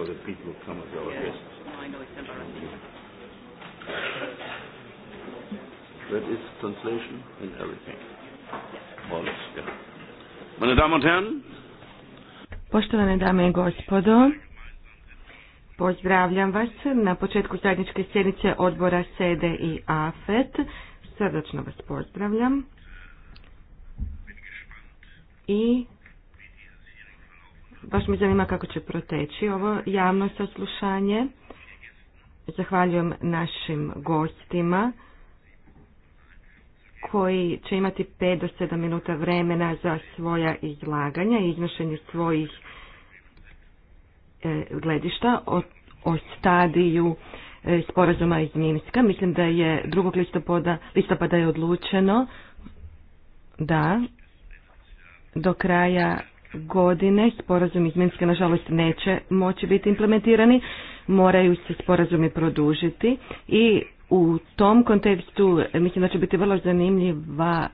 for the people who come at our yeah. guests. No, I know it's embarrassing. That is translation and everything. All this, yeah. Meine Damen und Herren. Poštovane dame i gospodo, pozdravljam vas na početku zajedničke sjednice odbora SEDE i AFET. Srdačno vas pozdravljam. I baš me zanima kako će proteći ovo javno saslušanje. Zahvaljujem našim gostima koji će imati 5 do 7 minuta vremena za svoja izlaganja i iznošenje svojih e, gledišta o, stadiju e, sporazuma iz Minska. Mislim da je 2. listopada, listopada je odlučeno da do kraja godine sporazum iz nažalost neće moći biti implementirani, moraju se sporazumi produžiti i u tom kontekstu e, mislim da će biti vrlo zanimljiva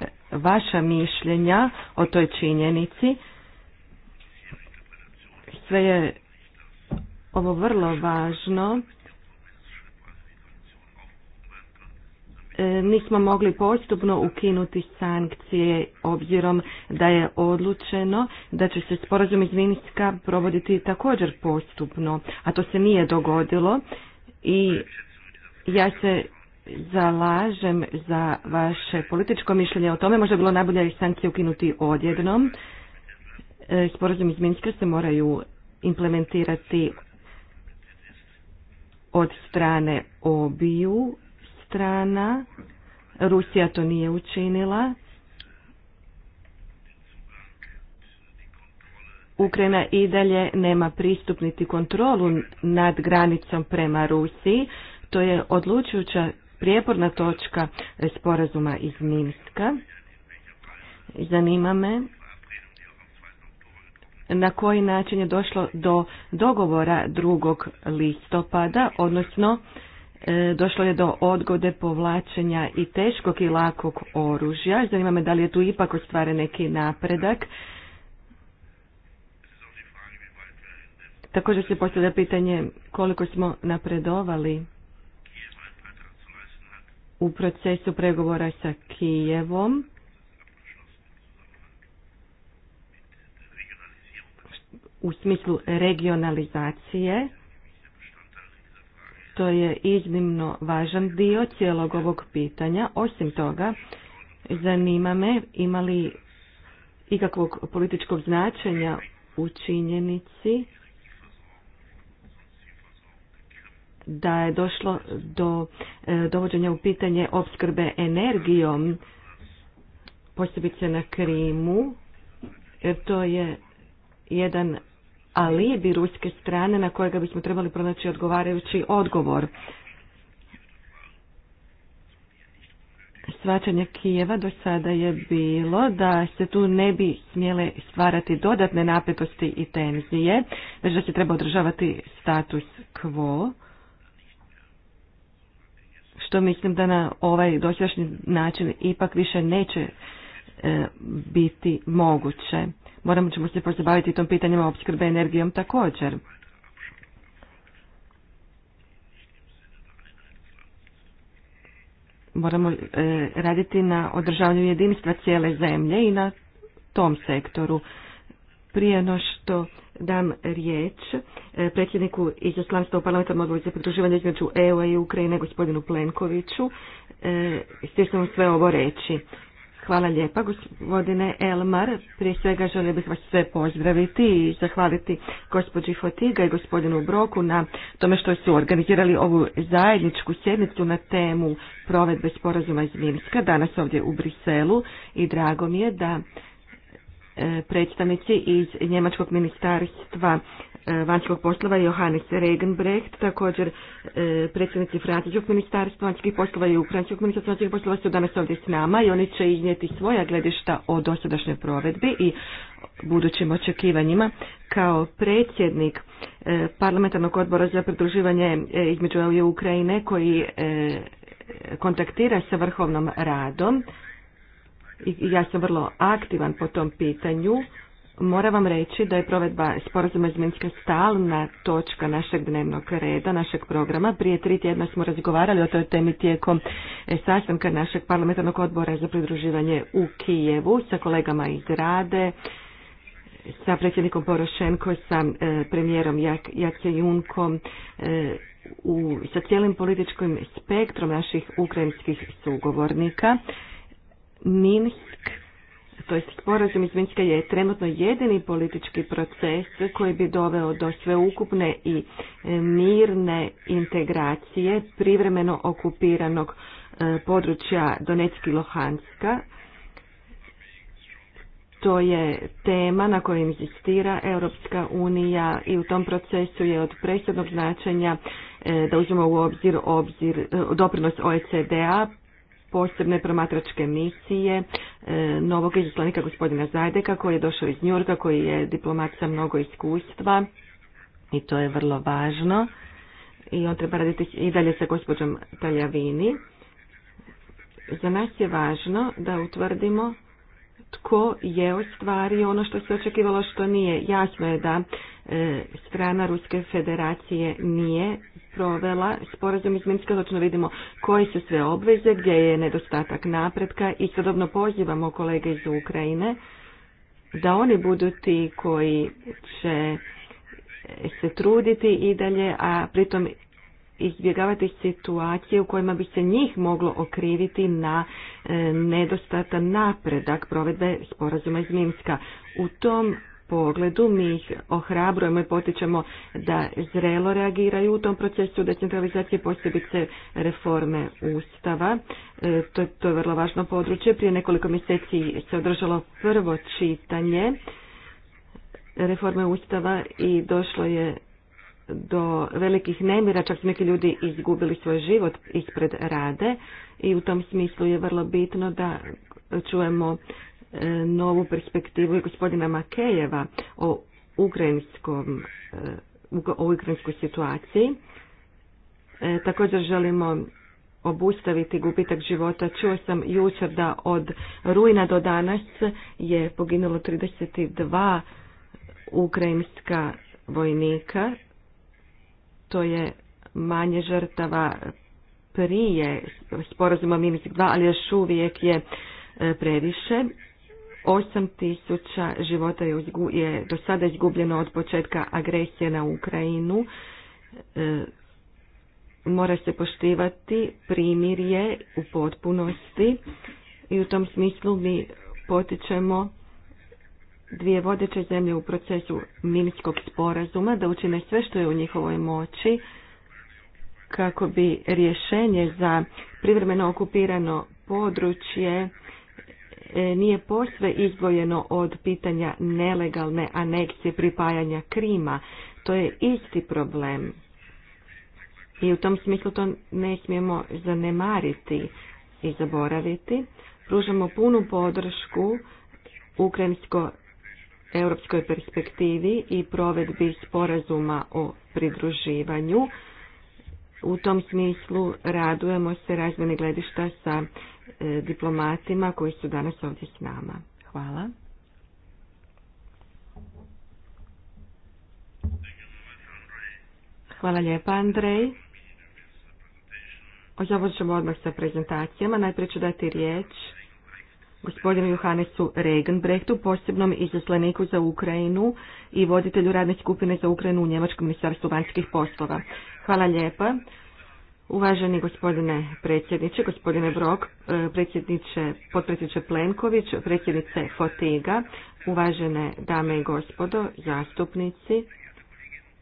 e, vaša mišljenja o toj činjenici. Sve je ovo vrlo važno E, nismo mogli postupno ukinuti sankcije obzirom da je odlučeno da će se sporazum iz Minska provoditi također postupno, a to se nije dogodilo i ja se zalažem za vaše političko mišljenje o tome. Možda je bilo najbolje sankcije ukinuti odjednom. E, sporazum iz Minska se moraju implementirati od strane obiju strana, Rusija to nije učinila. Ukrajina i dalje nema pristup niti kontrolu nad granicom prema Rusiji. To je odlučujuća prijeporna točka sporazuma iz Minska. Zanima me na koji način je došlo do dogovora 2. listopada, odnosno E, došlo je do odgode povlačenja i teškog i lakog oružja. Zanima me da li je tu ipak ostvaren neki napredak. Također se postavlja pitanje koliko smo napredovali u procesu pregovora sa Kijevom. u smislu regionalizacije to je iznimno važan dio cijelog ovog pitanja. Osim toga, zanima me ima li ikakvog političkog značenja u činjenici da je došlo do e, dovođenja u pitanje opskrbe energijom, posebice na Krimu, jer to je jedan ali bi ruske strane na kojega bismo trebali pronaći odgovarajući odgovor. Svačanje Kijeva do sada je bilo da se tu ne bi smjele stvarati dodatne napetosti i tenzije, već da se treba održavati status quo, što mislim da na ovaj dosadašnji način ipak više neće e, biti moguće moramo ćemo se pozabaviti tom pitanjima opskrbe energijom također. Moramo e, raditi na održavanju jedinstva cijele zemlje i na tom sektoru. Prije no što dam riječ e, predsjedniku izaslanstva u parlamentarnom odboru za pridruživanje između EU i Ukrajine, gospodinu Plenkoviću, e, stisnemo sve ovo reći. Hvala lijepa, gospodine Elmar. Prije svega želio bih vas sve pozdraviti i zahvaliti gospođi Fotiga i gospodinu Broku na tome što su organizirali ovu zajedničku sjednicu na temu provedbe sporazuma iz Minska danas ovdje u Briselu i drago mi je da e, predstavnici iz Njemačkog ministarstva E, vanjskog poslova Johannes Regenbrecht, također e, predsjednici Francuskog ministarstva vanjskih poslova i ukrajinskog ministarstva vanjskih poslova su danas ovdje s nama i oni će iznijeti svoja gledišta o dosadašnjoj provedbi i budućim očekivanjima. Kao predsjednik e, parlamentarnog odbora za pridruživanje između EU i Ukrajine koji kontaktira sa vrhovnom radom, i ja sam vrlo aktivan po tom pitanju, Moram vam reći da je provedba sporazuma iz Minska stalna točka našeg dnevnog reda, našeg programa. Prije tri tjedna smo razgovarali o toj temi tijekom e, sastanka našeg parlamentarnog odbora za pridruživanje u Kijevu sa kolegama iz Rade, sa predsjednikom Porošenko, sa e, premijerom Jace Junkom, e, u, sa cijelim političkim spektrom naših ukrajinskih sugovornika. Minsk to je sporazum iz je trenutno jedini politički proces koji bi doveo do sveukupne i e, mirne integracije privremeno okupiranog e, područja Donetski i Lohanska. To je tema na kojoj insistira Europska unija i u tom procesu je od presudnog značenja e, da uzmemo u obzir, obzir doprinos OECD-a posebne promatračke misije e, novog izaslanika gospodina Zajdeka koji je došao iz Njurka, koji je diplomat sa mnogo iskustva i to je vrlo važno. I on treba raditi i dalje sa gospođom Taljavini. Za nas je važno da utvrdimo tko je ostvario ono što se očekivalo što nije. Jasno je da e, strana Ruske federacije nije provela sporazum iz Minska, točno vidimo koji su sve obveze, gdje je nedostatak napretka i sadobno pozivamo kolege iz Ukrajine da oni budu ti koji će se truditi i dalje, a pritom izbjegavati situacije u kojima bi se njih moglo okriviti na e, nedostatan napredak provedbe sporazuma iz Minska. U tom pogledu mi ih ohrabrujemo i potičemo da zrelo reagiraju u tom procesu decentralizacije posebice reforme Ustava. E, to, to je vrlo važno područje. Prije nekoliko mjeseci se održalo prvo čitanje reforme Ustava i došlo je do velikih nemira, čak su neki ljudi izgubili svoj život ispred rade i u tom smislu je vrlo bitno da čujemo E, novu perspektivu i gospodina Makejeva o ukrajinskom, e, o ukrajinskoj situaciji. E, također želimo obustaviti gubitak života. Čuo sam jučer da od rujna do danas je poginulo 32 ukrajinska vojnika. To je manje žrtava prije sporazuma Minsk 2, ali još uvijek je previše tisuća života je, do sada izgubljeno od početka agresije na Ukrajinu. E, mora se poštivati primirje u potpunosti i u tom smislu mi potičemo dvije vodeće zemlje u procesu Minskog sporazuma da učine sve što je u njihovoj moći kako bi rješenje za privremeno okupirano područje E, nije posve izdvojeno od pitanja nelegalne anekcije pripajanja Krima. To je isti problem. I u tom smislu to ne smijemo zanemariti i zaboraviti. Pružamo punu podršku ukrajinsko-europskoj perspektivi i provedbi sporazuma o pridruživanju. U tom smislu radujemo se razmjene gledišta sa E, diplomatima koji su danas ovdje s nama. Hvala. Hvala lijepa Andrej. ćemo odmah sa prezentacijama. Najprije ću dati riječ gospodinu Johannesu Regenbrechtu, posebnom izaslaniku za Ukrajinu i voditelju radne skupine za Ukrajinu u Njemačkom ministarstvu vanjskih poslova. Hvala lijepa. Uvaženi gospodine predsjedniče, gospodine Brok, e, predsjedniče, potpredsjedniče Plenković, predsjednice Fotiga, uvažene dame i gospodo, zastupnici,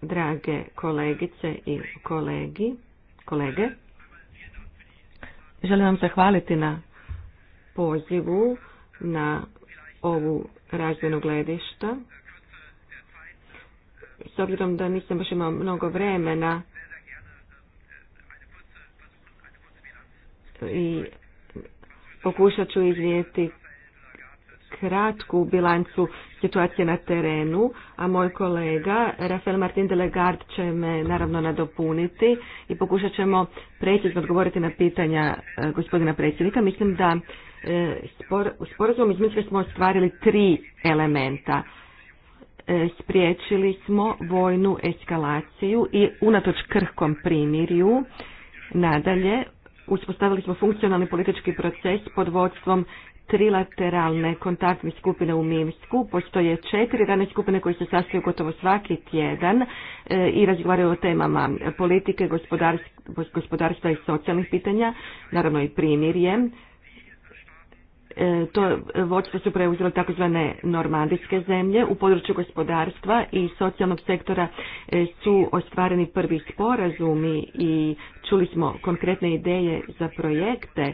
drage kolegice i kolegi, kolege. Želim vam zahvaliti na pozivu na ovu razvijenu gledišta. S obzirom da nisam baš imao mnogo vremena, i pokušat ću iznijeti kratku bilancu situacije na terenu, a moj kolega Rafael Martin Delegard će me naravno nadopuniti i pokušat ćemo precizno odgovoriti na pitanja e, gospodina predsjednika. Mislim da e, u sporazum iz smo ostvarili tri elementa. E, spriječili smo vojnu eskalaciju i unatoč krhkom primirju. Nadalje, uspostavili smo funkcionalni politički proces pod vodstvom trilateralne kontaktne skupine u Mimsku. Postoje četiri rane skupine koje se sastaju gotovo svaki tjedan eh, i razgovaraju o temama politike, gospodarstva i socijalnih pitanja, naravno i primirje. Eh, to vodstvo su preuzele takozvane normandijske zemlje. U području gospodarstva i socijalnog sektora eh, su ostvareni prvi sporazumi i Čuli smo konkretne ideje za projekte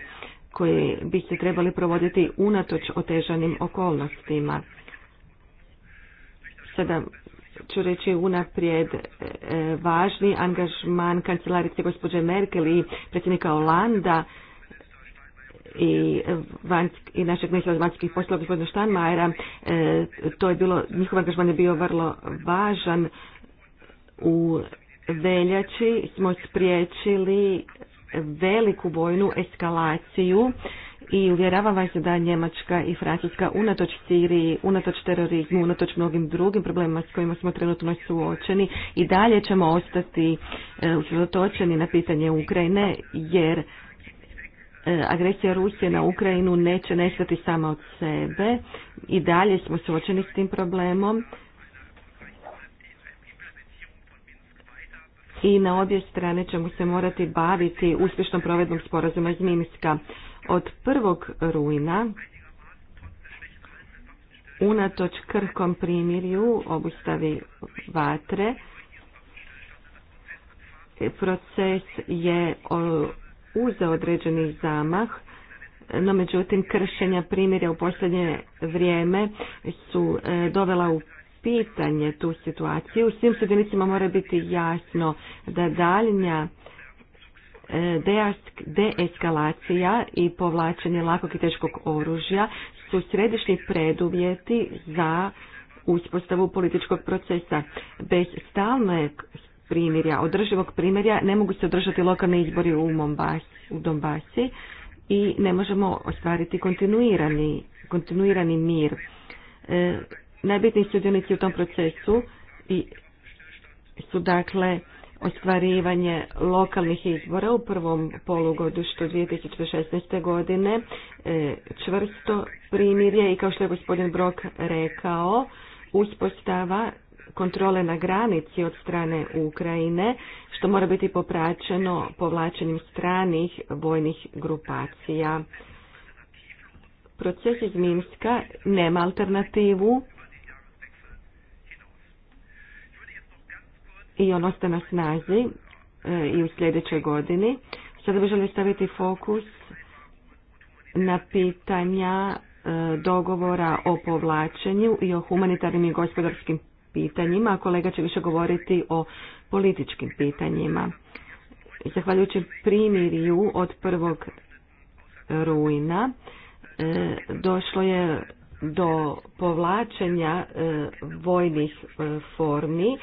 koje bi se trebali provoditi unatoč otežanim okolnostima. Sada ću reći unaprijed e, važni angažman kancelarice gospođe Merkel i predsjednika Olanda i, i našeg ministra vanjskih poslova gospodina Štanmajera. E, to je bilo, njihov angažman je bio vrlo važan u veljači smo spriječili veliku vojnu eskalaciju i uvjeravam vas da Njemačka i Francuska unatoč Siriji, unatoč terorizmu, unatoč mnogim drugim problemima s kojima smo trenutno suočeni i dalje ćemo ostati e, usredotočeni na pitanje Ukrajine jer e, agresija Rusije na Ukrajinu neće nestati sama od sebe i dalje smo suočeni s tim problemom i na obje strane ćemo se morati baviti uspješnom provedbom sporazuma iz Minska. Od prvog rujna unatoč krhkom primirju obustavi vatre proces je uzeo određeni zamah no međutim kršenja primjera u posljednje vrijeme su e, dovela u pitanje tu situaciju. u Svim sudionicima mora biti jasno da daljnja e, deeskalacija i povlačenje lakog i teškog oružja su središnji preduvjeti za uspostavu političkog procesa. Bez stalne primirja, održivog primirja, ne mogu se održati lokalni izbori u, Mombas, u Dombasi i ne možemo ostvariti kontinuirani, kontinuirani mir. E, Najbitniji sudionici u tom procesu i su dakle ostvarivanje lokalnih izbora u prvom polugodištu 2016. godine, e, čvrsto primirje i kao što je gospodin Brok rekao, uspostava kontrole na granici od strane Ukrajine, što mora biti popraćeno povlačenim stranih vojnih grupacija. Proces iz Minska nema alternativu i on ostaje na snazi e, i u sljedećoj godini. Sada bi želi staviti fokus na pitanja e, dogovora o povlačenju i o humanitarnim i gospodarskim pitanjima, a kolega će više govoriti o političkim pitanjima. Zahvaljujući primirju od prvog rujna e, došlo je do povlačenja vojnih formi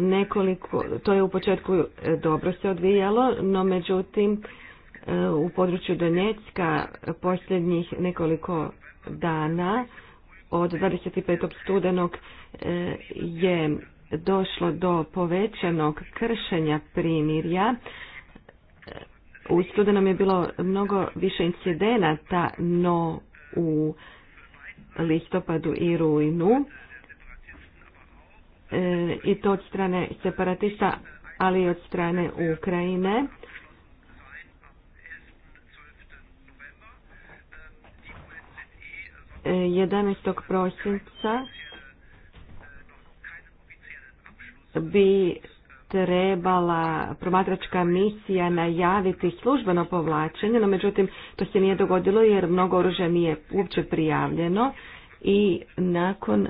nekoliko, to je u početku e, dobro se odvijalo, no međutim e, u području Donjecka posljednjih nekoliko dana od 25. studenog e, je došlo do povećanog kršenja primirja. U studenom je bilo mnogo više incidenata, no u listopadu i rujnu E, i to od strane separatista, ali i od strane Ukrajine. 11. E, prosinca bi trebala promatračka misija najaviti službeno povlačenje, no međutim to se nije dogodilo jer mnogo oružja nije uopće prijavljeno i nakon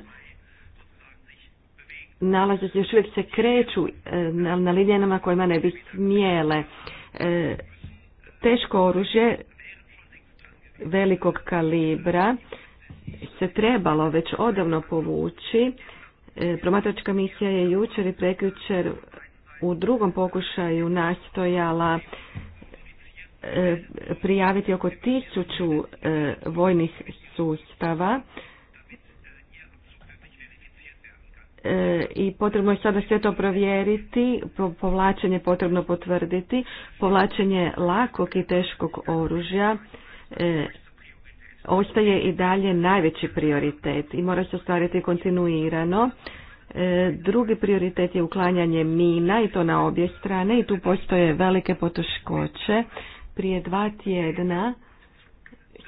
nalaze se, još uvijek se kreću e, na, na kojima ne bi smjele. E, teško oružje velikog kalibra se trebalo već odavno povući. E, promatračka misija je jučer i prekjučer u drugom pokušaju nastojala prijaviti oko tisuću vojnih sustava E, i potrebno je sada sve to provjeriti, povlačenje potrebno potvrditi, povlačenje lakog i teškog oružja e, ostaje i dalje najveći prioritet i mora se ostvariti kontinuirano. E, drugi prioritet je uklanjanje mina i to na obje strane i tu postoje velike poteškoće. Prije dva tjedna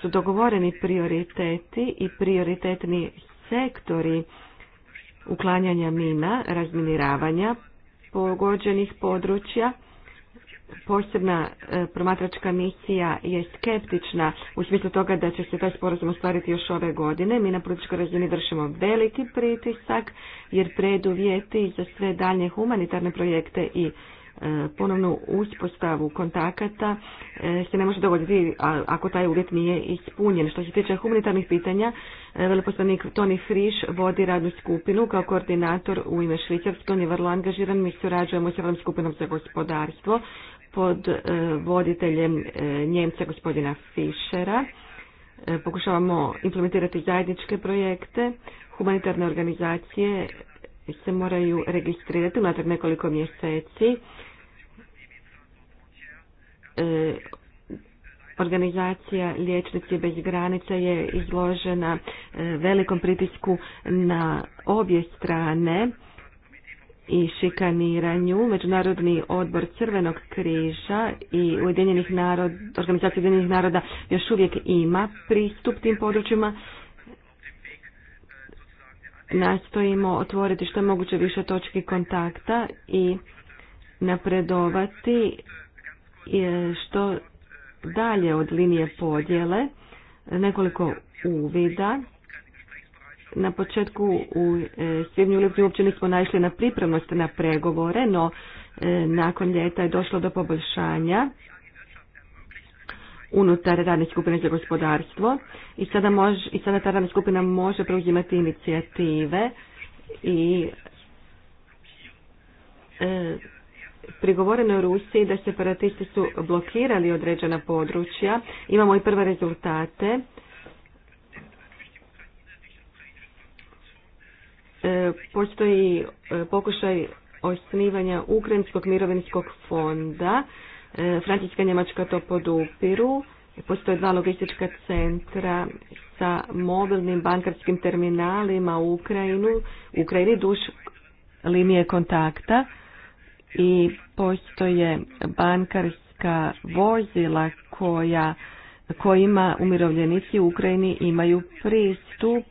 su dogovoreni prioriteti i prioritetni sektori uklanjanja mina, razminiravanja pogođenih područja. Posebna e, promatračka misija je skeptična u smislu toga da će se taj sporazum ostvariti još ove godine. Mi na političkoj razini vršimo veliki pritisak jer preduvjeti za sve dalje humanitarne projekte i ponovnu uspostavu kontakata e, se ne može dogoditi ako taj uvjet nije ispunjen. Što se tiče humanitarnih pitanja, e, veleposlanik Toni Frisch vodi radnu skupinu kao koordinator u ime Švicarske. On je vrlo angažiran, mi surađujemo s radnom skupinom za gospodarstvo pod e, voditeljem Njemca gospodina Fischera. Pokušavamo implementirati zajedničke projekte, humanitarne organizacije se moraju registrirati unatrag nekoliko mjeseci. E, organizacija Liječnici bez granica je izložena e, velikom pritisku na obje strane i šikaniranju. Međunarodni odbor Crvenog križa i Ujedinjenih organizacija Ujedinjenih naroda još uvijek ima pristup tim područjima. Nastojimo otvoriti što je moguće više točki kontakta i napredovati što dalje od linije podjele, nekoliko uvida. Na početku u e, svibnju lipnju uopće nismo naišli na pripremnost na pregovore, no e, nakon ljeta je došlo do poboljšanja unutar radne skupine za gospodarstvo i sada, mož, i sada ta radna skupina može preuzimati inicijative i e, prigovoreno je Rusiji da separatisti su blokirali određena područja. Imamo i prve rezultate. E, postoji e, pokušaj osnivanja Ukrajinskog mirovinskog fonda. E, Francijska Njemačka to podupiru. Postoje dva logistička centra sa mobilnim bankarskim terminalima u Ukrajinu, u Ukrajini duš linije kontakta i postoje bankarska vozila koja kojima umirovljenici u Ukrajini imaju pristup.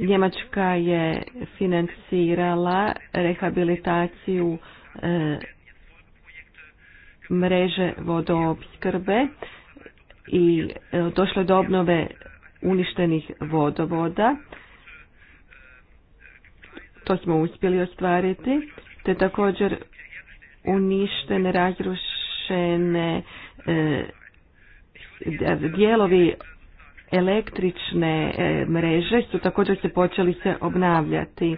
Njemačka je financirala rehabilitaciju e, mreže vodoopskrbe i e, došlo do obnove uništenih vodovoda. To smo uspjeli ostvariti te također uništene, razrušene e, dijelovi električne e, mreže su također se počeli se obnavljati.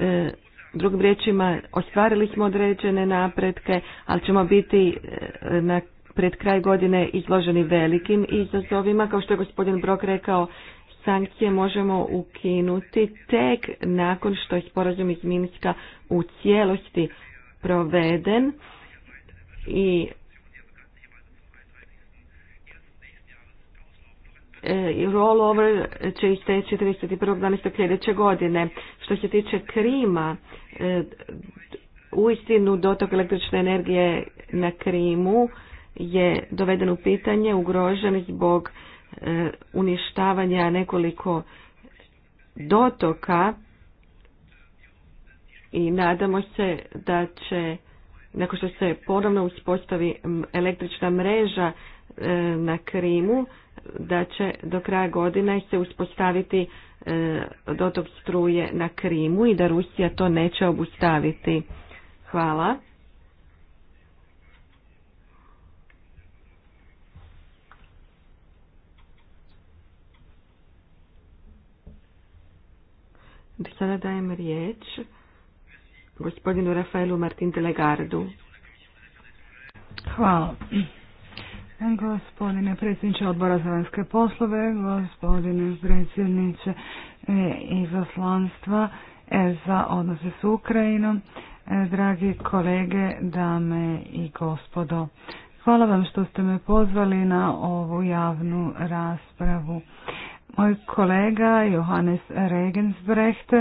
E, drugim riječima, ostvarili smo određene napretke, ali ćemo biti e, na pred kraj godine izloženi velikim izazovima. Kao što je gospodin Brok rekao, sankcije možemo ukinuti tek nakon što je sporazum iz Minska u cijelosti proveden i e, rollover će isteći 31.12. sljedeće godine. Što se tiče Krima, e, uistinu dotok električne energije na Krimu je doveden u pitanje, ugrožen zbog E, uništavanja nekoliko dotoka i nadamo se da će nakon što se ponovno uspostavi električna mreža e, na Krimu, da će do kraja godine se uspostaviti e, dotok struje na Krimu i da Rusija to neće obustaviti. Hvala. sada dajem riječ gospodinu Rafaelu Martin Legardu. Hvala. Gospodine predsjedniče odbora za vanjske poslove, gospodine predsjedniče e, izaslanstva e, za odnose s Ukrajinom, e, dragi kolege, dame i gospodo. Hvala vam što ste me pozvali na ovu javnu raspravu. Moj kolega Johannes Regensbrecht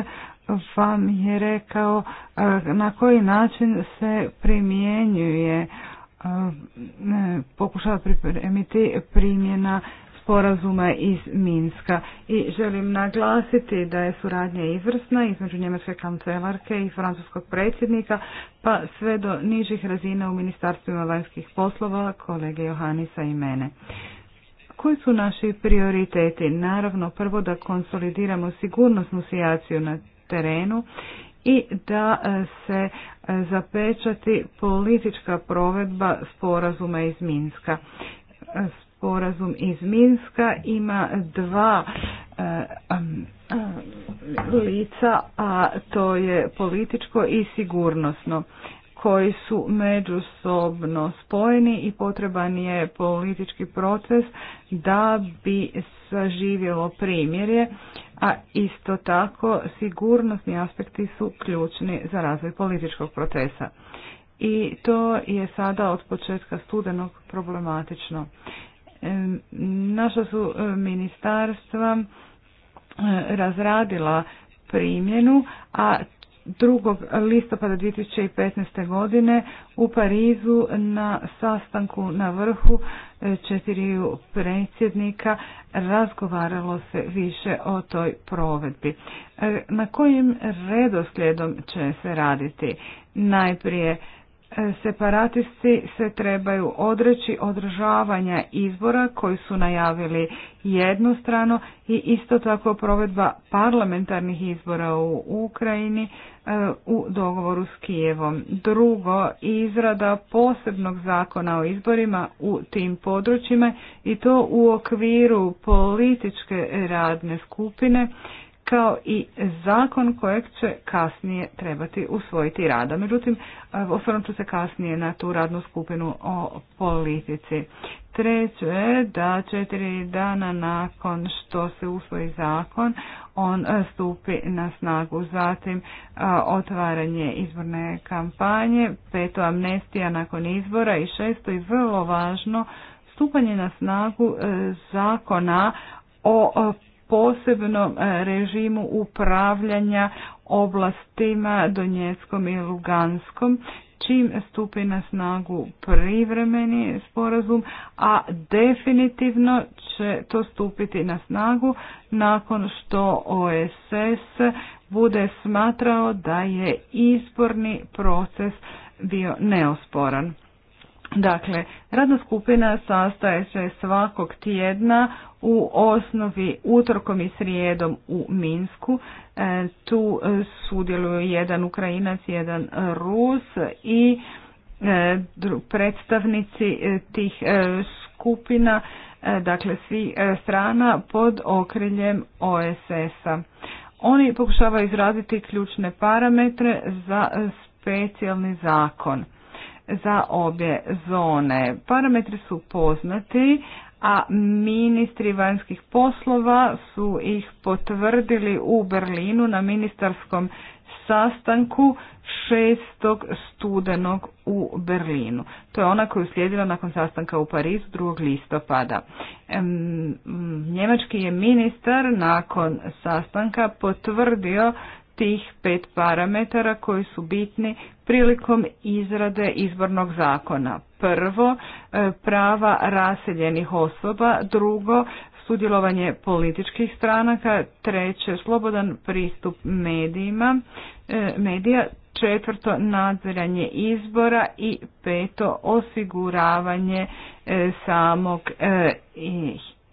vam je rekao e, na koji način se primjenjuje e, pokušava pripremiti primjena sporazuma iz Minska. I želim naglasiti da je suradnja izvrsna između njemačke kancelarke i francuskog predsjednika, pa sve do nižih razina u ministarstvima vanjskih poslova kolege Johanisa i mene. Koji su naši prioriteti? Naravno, prvo da konsolidiramo sigurnosnu sijaciju na terenu i da e, se e, zapečati politička provedba sporazuma iz Minska. E, sporazum iz Minska ima dva lica, a to je političko i sigurnosno koji su međusobno spojeni i potreban je politički proces da bi saživjelo primjerje, a isto tako sigurnosni aspekti su ključni za razvoj političkog procesa. I to je sada od početka studenog problematično. Naša su e, ministarstva e, razradila primjenu, a 2. listopada 2015. godine u Parizu na sastanku na vrhu e, četiriju predsjednika razgovaralo se više o toj provedbi. E, na kojim redoslijedom će se raditi? Najprije separatisti se trebaju odreći održavanja izbora koji su najavili jednostrano i isto tako provedba parlamentarnih izbora u Ukrajini e, u dogovoru s Kijevom. Drugo, izrada posebnog zakona o izborima u tim područjima i to u okviru političke radne skupine kao i zakon kojeg će kasnije trebati usvojiti rada. Međutim, osvrnut ću se kasnije na tu radnu skupinu o politici. Treće je da četiri dana nakon što se usvoji zakon, on e, stupi na snagu. Zatim e, otvaranje izborne kampanje, peto amnestija nakon izbora i šesto i vrlo važno stupanje na snagu e, zakona o posebnom e, režimu upravljanja oblastima Donjeckom i Luganskom, čim stupi na snagu privremeni sporazum, a definitivno će to stupiti na snagu nakon što OSS bude smatrao da je izborni proces bio neosporan. Dakle, radna skupina sastaje se svakog tjedna u osnovi utorkom i srijedom u Minsku. E, tu e, sudjeluju jedan Ukrajinac, jedan Rus i e, predstavnici tih skupina, dakle svi strana pod okriljem OSS-a. Oni pokušavaju izraditi ključne parametre za specijalni zakon za obje zone. Parametri su poznati, a ministri vanjskih poslova su ih potvrdili u Berlinu na ministarskom sastanku 6. studenog u Berlinu. To je ona koju slijedila nakon sastanka u Parizu 2. listopada. Njemački je ministar nakon sastanka potvrdio tih pet parametara koji su bitni prilikom izrade izbornog zakona. Prvo, e, prava raseljenih osoba, drugo, sudjelovanje političkih stranaka, treće, slobodan pristup medijima, e, medija, četvrto, nadziranje izbora i peto, osiguravanje e, samog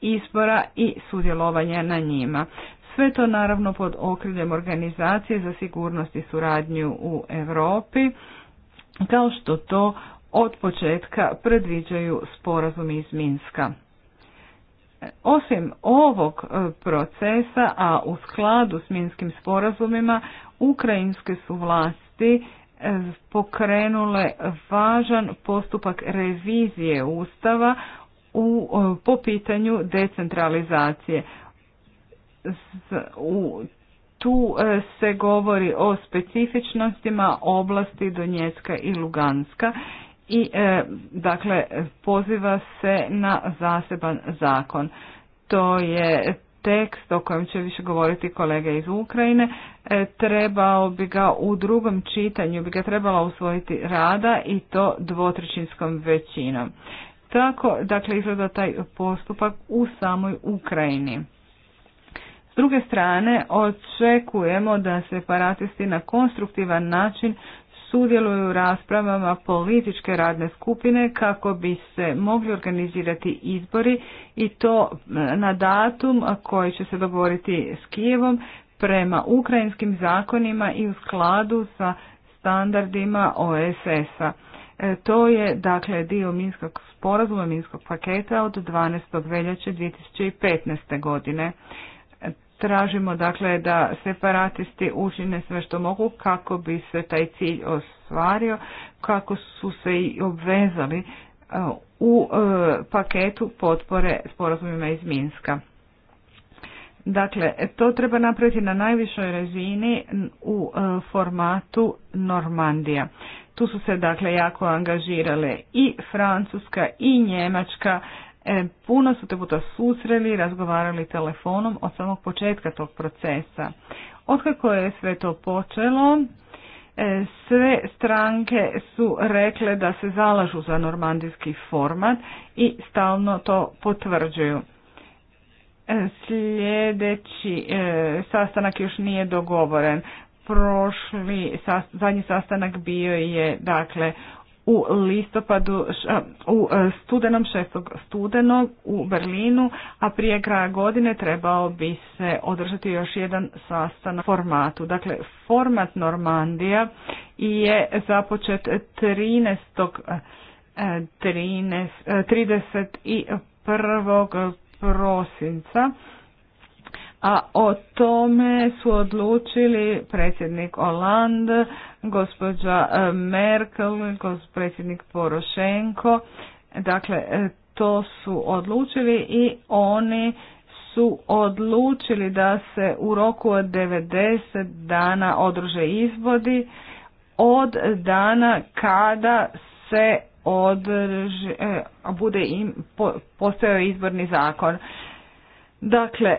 izbora i sudjelovanja na njima. Sve to naravno pod okriljem organizacije za sigurnost i suradnju u Europi, kao što to od početka predviđaju sporazumi iz Minska. Osim ovog e, procesa, a u skladu s minskim sporazumima, ukrajinske su vlasti e, pokrenule važan postupak revizije Ustava u, e, po pitanju decentralizacije tu e, se govori o specifičnostima oblasti Donjecka i Luganska i e, dakle poziva se na zaseban zakon. To je tekst o kojem će više govoriti kolega iz Ukrajine. E, trebao bi ga u drugom čitanju, bi ga trebala usvojiti rada i to dvotrećinskom većinom. Tako, dakle, izgleda taj postupak u samoj Ukrajini druge strane, očekujemo da se separatisti na konstruktivan način sudjeluju u raspravama političke radne skupine kako bi se mogli organizirati izbori i to e, na datum koji će se dogovoriti s Kijevom prema ukrajinskim zakonima i u skladu sa standardima OSS-a. E, to je dakle dio Minskog sporazuma, Minskog paketa od 12. veljače 2015. godine. Tražimo dakle da separatisti učine sve što mogu kako bi se taj cilj ostvario, kako su se i obvezali e, u e, paketu potpore sporazumima iz Minska. Dakle, to treba napraviti na najvišoj razini u e, formatu Normandija. Tu su se dakle jako angažirale i Francuska i Njemačka E, puno su te puta susreli, razgovarali telefonom od samog početka tog procesa. kako je sve to počelo, e, sve stranke su rekle da se zalažu za normandijski format i stalno to potvrđuju. E, sljedeći e, sastanak još nije dogovoren prošli, zadnji sastanak bio je dakle u listopadu, u e, studenom šestog studenog u Berlinu, a prije kraja godine trebao bi se održati još jedan sastanak formatu. Dakle, format Normandija je započet 13. 13 31. prosinca a o tome su odlučili predsjednik Hollande, gospođa e, Merkel, predsjednik Porošenko. Dakle, e, to su odlučili i oni su odlučili da se u roku od 90 dana održe izbodi od dana kada se održi, e, bude im, postojao izborni zakon. Dakle,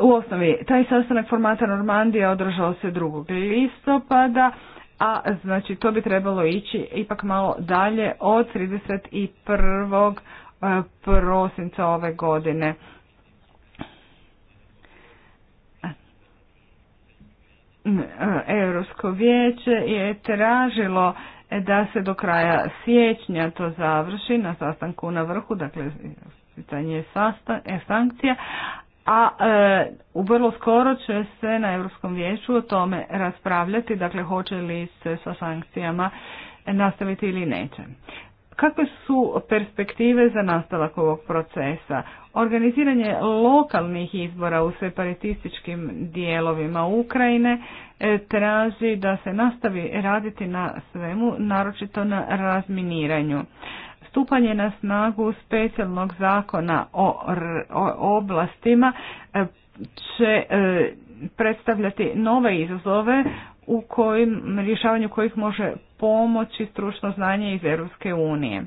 u osnovi, taj sastanak formata Normandija održao se 2. listopada, a znači to bi trebalo ići ipak malo dalje od 31. E, prosinca ove godine. E, Europsko vijeće je tražilo da se do kraja siječnja to završi na sastanku na vrhu, dakle pitanje e, sankcija, a e, u vrlo skoro će se na Europskom vijeću o tome raspravljati, dakle hoće li se sa sankcijama nastaviti ili neće. Kakve su perspektive za nastavak ovog procesa? Organiziranje lokalnih izbora u separatističkim dijelovima Ukrajine e, traži da se nastavi raditi na svemu, naročito na razminiranju stupanje na snagu specijalnog zakona o, oblastima e, će e, predstavljati nove izazove u kojim, rješavanju kojih može pomoći stručno znanje iz Europske unije.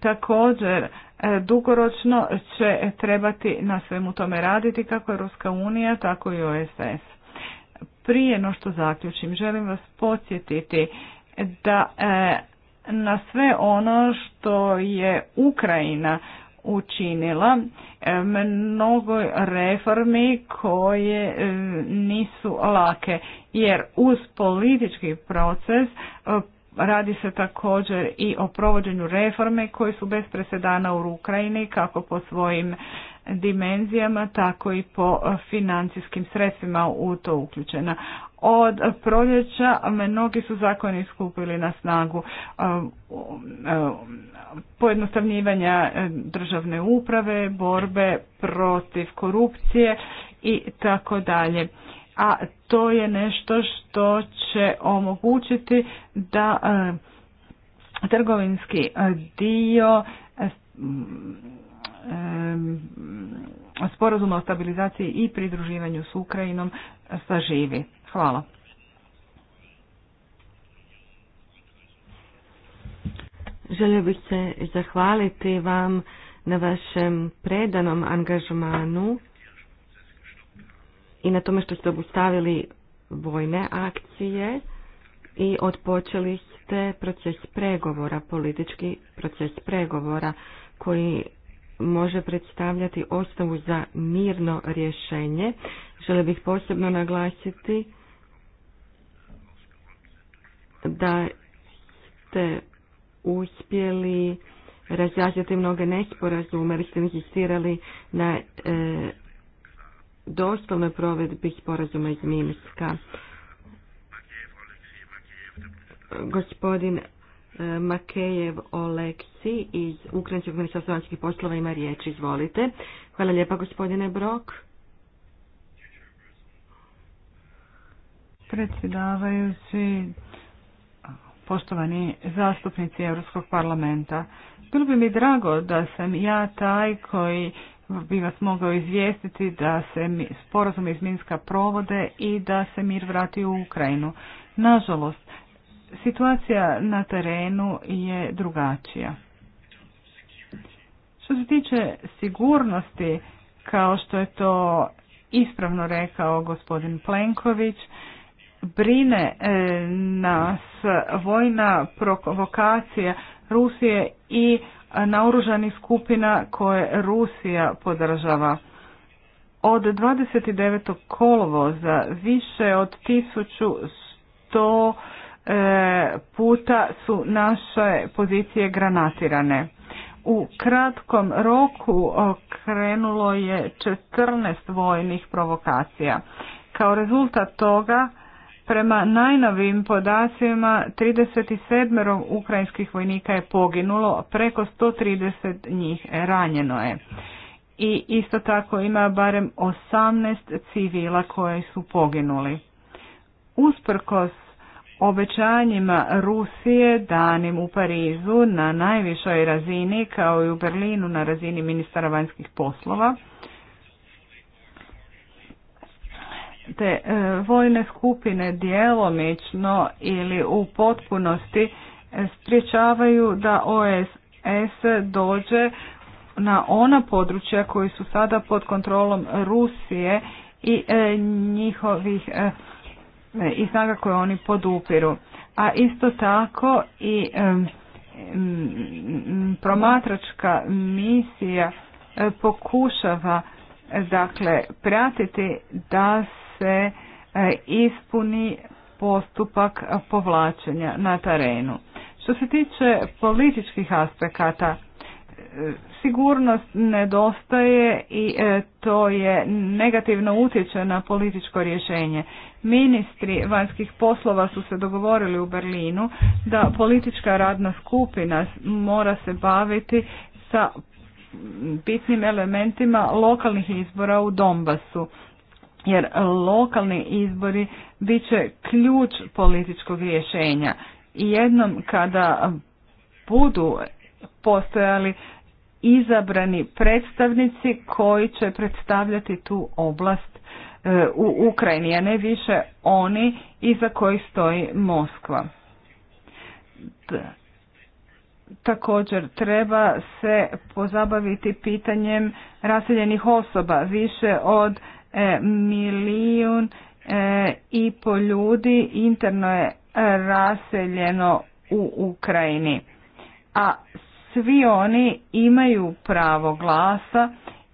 Također, e, dugoročno će trebati na svemu tome raditi kako Europska unija, tako i OSS. Prije no što zaključim, želim vas podsjetiti da na sve ono što je Ukrajina učinila e, mnogo reformi koje e, nisu lake jer uz politički proces e, radi se također i o provođenju reforme koje su bez presedana u Ukrajini kako po svojim dimenzijama, tako i po financijskim sredstvima u to uključena. Od proljeća mnogi su zakoni skupili na snagu um, um, pojednostavnjivanja um, državne uprave, borbe protiv korupcije i tako dalje. A to je nešto što će omogućiti da trgovinski dio sporazuma o stabilizaciji i pridruživanju s Ukrajinom saživi. Hvala. Želio bih se zahvaliti vam na vašem predanom angažmanu i na tome što ste obustavili vojne akcije i odpočeli ste proces pregovora, politički proces pregovora koji može predstavljati osnovu za mirno rješenje. Žele bih posebno naglasiti da ste uspjeli razjasniti mnoge nesporazume, vi ste insistirali na e, doslovnoj provedbi sporazuma iz Minska. Gospodin E, Makejev o lekciji iz Ukrajinskog ministarstva vanjskih poslova ima riječ. Izvolite. Hvala lijepa gospodine Brok. Predsjedavajući, poštovani zastupnici Europskog parlamenta, bilo bi mi drago da sam ja taj koji bi vas mogao izvijestiti da se sporazum iz Minska provode i da se mir vrati u Ukrajinu. Nažalost, situacija na terenu je drugačija. Što se tiče sigurnosti, kao što je to ispravno rekao gospodin Plenković, brine e, nas vojna provokacija Rusije i naoružanih skupina koje Rusija podržava. Od 29. kolovoza više od 1100 E, puta su naše pozicije granatirane. U kratkom roku e, krenulo je 14 vojnih provokacija. Kao rezultat toga, prema najnovim podacima, 37 ukrajinskih vojnika je poginulo, preko 130 njih ranjeno je. I isto tako ima barem 18 civila koji su poginuli. Usprkos obećanjima Rusije danim u Parizu na najvišoj razini kao i u Berlinu na razini ministara vanjskih poslova te e, vojne skupine djelomično ili u potpunosti spriječavaju da OSS dođe na ona područja koji su sada pod kontrolom Rusije i e, njihovih e, i snaga koje oni podupiru. A isto tako i promatračka misija e, pokušava dakle pratiti da se e, ispuni postupak povlačenja na terenu. Što se tiče političkih aspekata, sigurnost nedostaje i e, to je negativno utječe na političko rješenje. Ministri vanjskih poslova su se dogovorili u Berlinu da politička radna skupina mora se baviti sa bitnim elementima lokalnih izbora u Donbasu. Jer lokalni izbori bit će ključ političkog rješenja. I jednom kada budu postojali izabrani predstavnici koji će predstavljati tu oblast e, u Ukrajini, a ne više oni iza kojih stoji Moskva. Također treba se pozabaviti pitanjem raseljenih osoba. Više od e, milijun e, i po ljudi interno je raseljeno u Ukrajini. A svi oni imaju pravo glasa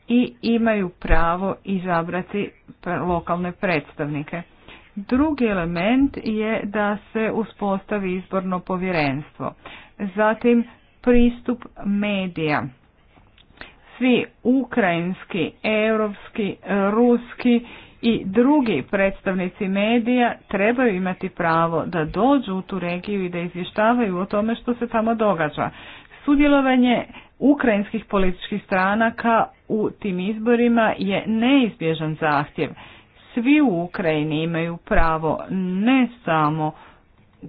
i imaju pravo izabrati lokalne predstavnike. Drugi element je da se uspostavi izborno povjerenstvo. Zatim pristup medija. Svi ukrajinski, europski, ruski i drugi predstavnici medija trebaju imati pravo da dođu u tu regiju i da izvještavaju o tome što se tamo događa. Sudjelovanje ukrajinskih političkih stranaka u tim izborima je neizbježan zahtjev. Svi u Ukrajini imaju pravo ne samo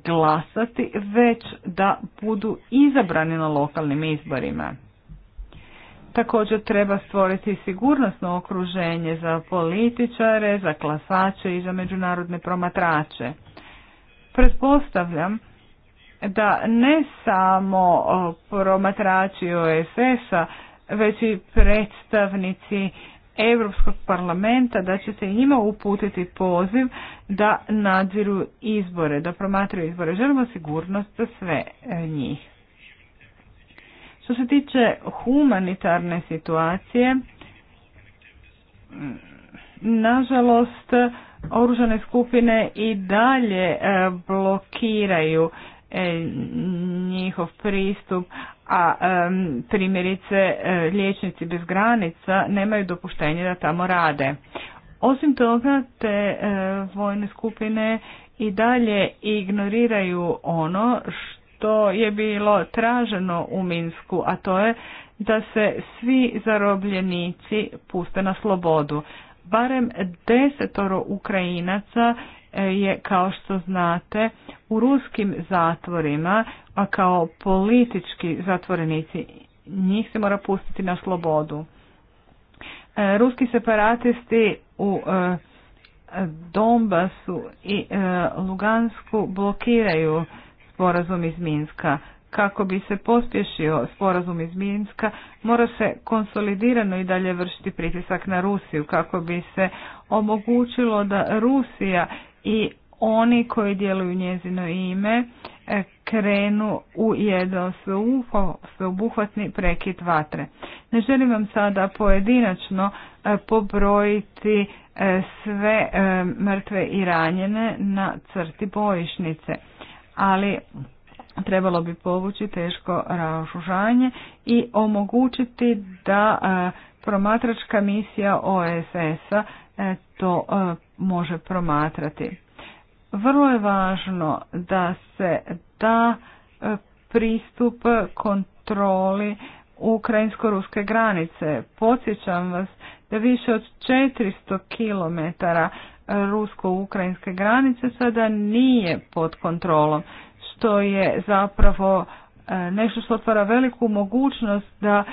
glasati, već da budu izabrani na lokalnim izborima. Također treba stvoriti sigurnosno okruženje za političare, za klasače i za međunarodne promatrače. Pretpostavljam da ne samo promatrači OSS-a, već i predstavnici Europskog parlamenta da će se njima uputiti poziv da nadziru izbore, da promatraju izbore. Želimo sigurnost za sve e, njih. Što se tiče humanitarne situacije, mm, nažalost, oružane skupine i dalje e, blokiraju E, njihov pristup, a primjerice e, liječnici bez granica nemaju dopuštenje da tamo rade. Osim toga, te e, vojne skupine i dalje ignoriraju ono što je bilo traženo u Minsku, a to je da se svi zarobljenici puste na slobodu. Barem desetoro Ukrajinaca je kao što znate u ruskim zatvorima, a kao politički zatvorenici njih se mora pustiti na slobodu. E, ruski separatisti u e, Donbasu i e, Lugansku blokiraju sporazum iz Minska. Kako bi se pospješio sporazum iz Minska, mora se konsolidirano i dalje vršiti pritisak na Rusiju kako bi se omogućilo da Rusija i oni koji djeluju njezino ime e, krenu u jedan sveobuhvatni prekid vatre. Ne želim vam sada pojedinačno e, pobrojiti e, sve mrtve i ranjene na crti bojišnice, ali trebalo bi povući teško ražužanje i omogućiti da promatračka misija OSS-a E, to e, može promatrati. Vrlo je važno da se da e, pristup kontroli ukrajinsko-ruske granice. Podsjećam vas da više od 400 km rusko-ukrajinske granice sada nije pod kontrolom, što je zapravo E, nešto što otvara veliku mogućnost da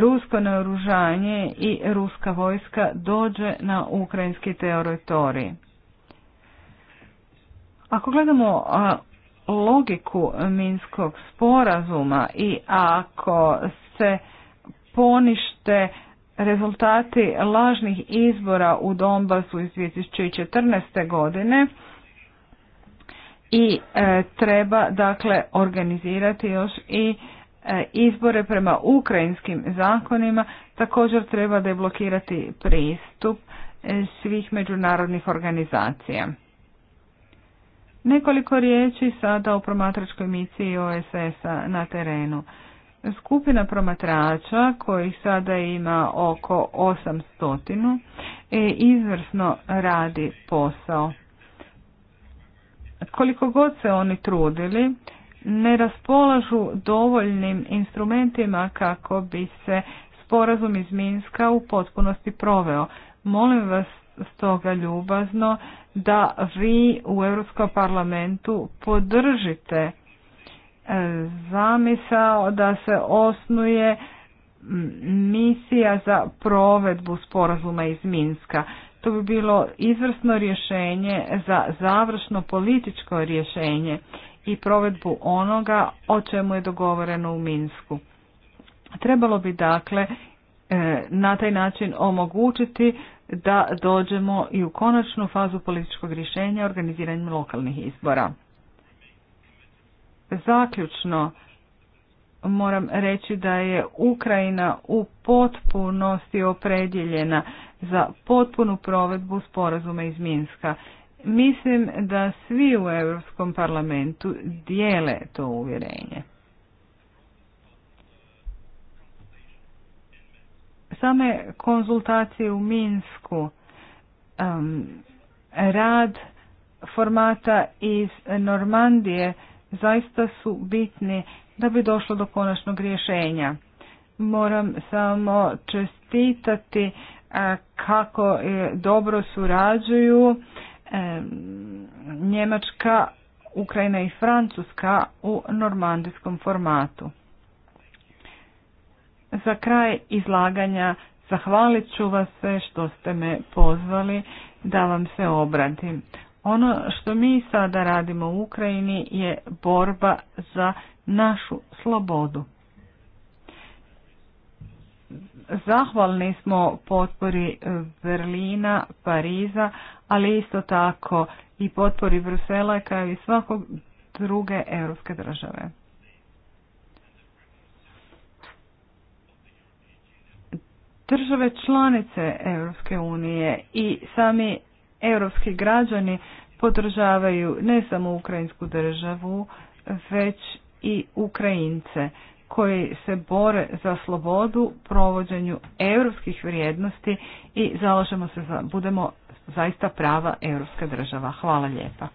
rusko naoružanje i ruska vojska dođe na ukrajinski teritorij. Ako gledamo e, logiku Minskog sporazuma i ako se ponište rezultati lažnih izbora u Donbasu iz 2014. godine, i e, treba dakle organizirati još i e, izbore prema ukrajinskim zakonima također treba deblokirati pristup e, svih međunarodnih organizacija nekoliko riječi sada o promatračkoj misiji OSS-a na terenu skupina promatrača kojih sada ima oko 800 izvrsno radi posao koliko god se oni trudili, ne raspolažu dovoljnim instrumentima kako bi se sporazum iz Minska u potpunosti proveo. Molim vas stoga ljubazno da vi u Europskom parlamentu podržite e, zamisao da se osnuje misija za provedbu sporazuma iz Minska. To bi bilo izvrsno rješenje za završno političko rješenje i provedbu onoga o čemu je dogovoreno u Minsku. Trebalo bi dakle e, na taj način omogućiti da dođemo i u konačnu fazu političkog rješenja organiziranjem lokalnih izbora. Zaključno moram reći da je Ukrajina u potpunosti opredjeljena za potpunu provedbu sporazuma iz Minska. Mislim da svi u Europskom parlamentu dijele to uvjerenje. Same konzultacije u Minsku, um, rad formata iz Normandije zaista su bitni da bi došlo do konačnog rješenja. Moram samo čestitati kako e, dobro surađuju e, Njemačka, Ukrajina i Francuska u normandijskom formatu. Za kraj izlaganja zahvalit ću vas sve što ste me pozvali da vam se obratim. Ono što mi sada radimo u Ukrajini je borba za našu slobodu. Zahvalni smo potpori Berlina, Pariza, ali isto tako i potpori Brusela kao i svakog druge europske države. Države članice Europske unije i sami europski građani podržavaju ne samo ukrajinsku državu, već i Ukrajince koji se bore za slobodu, provođenju europskih vrijednosti i zalažemo se za budemo zaista prava europska država. Hvala lijepa.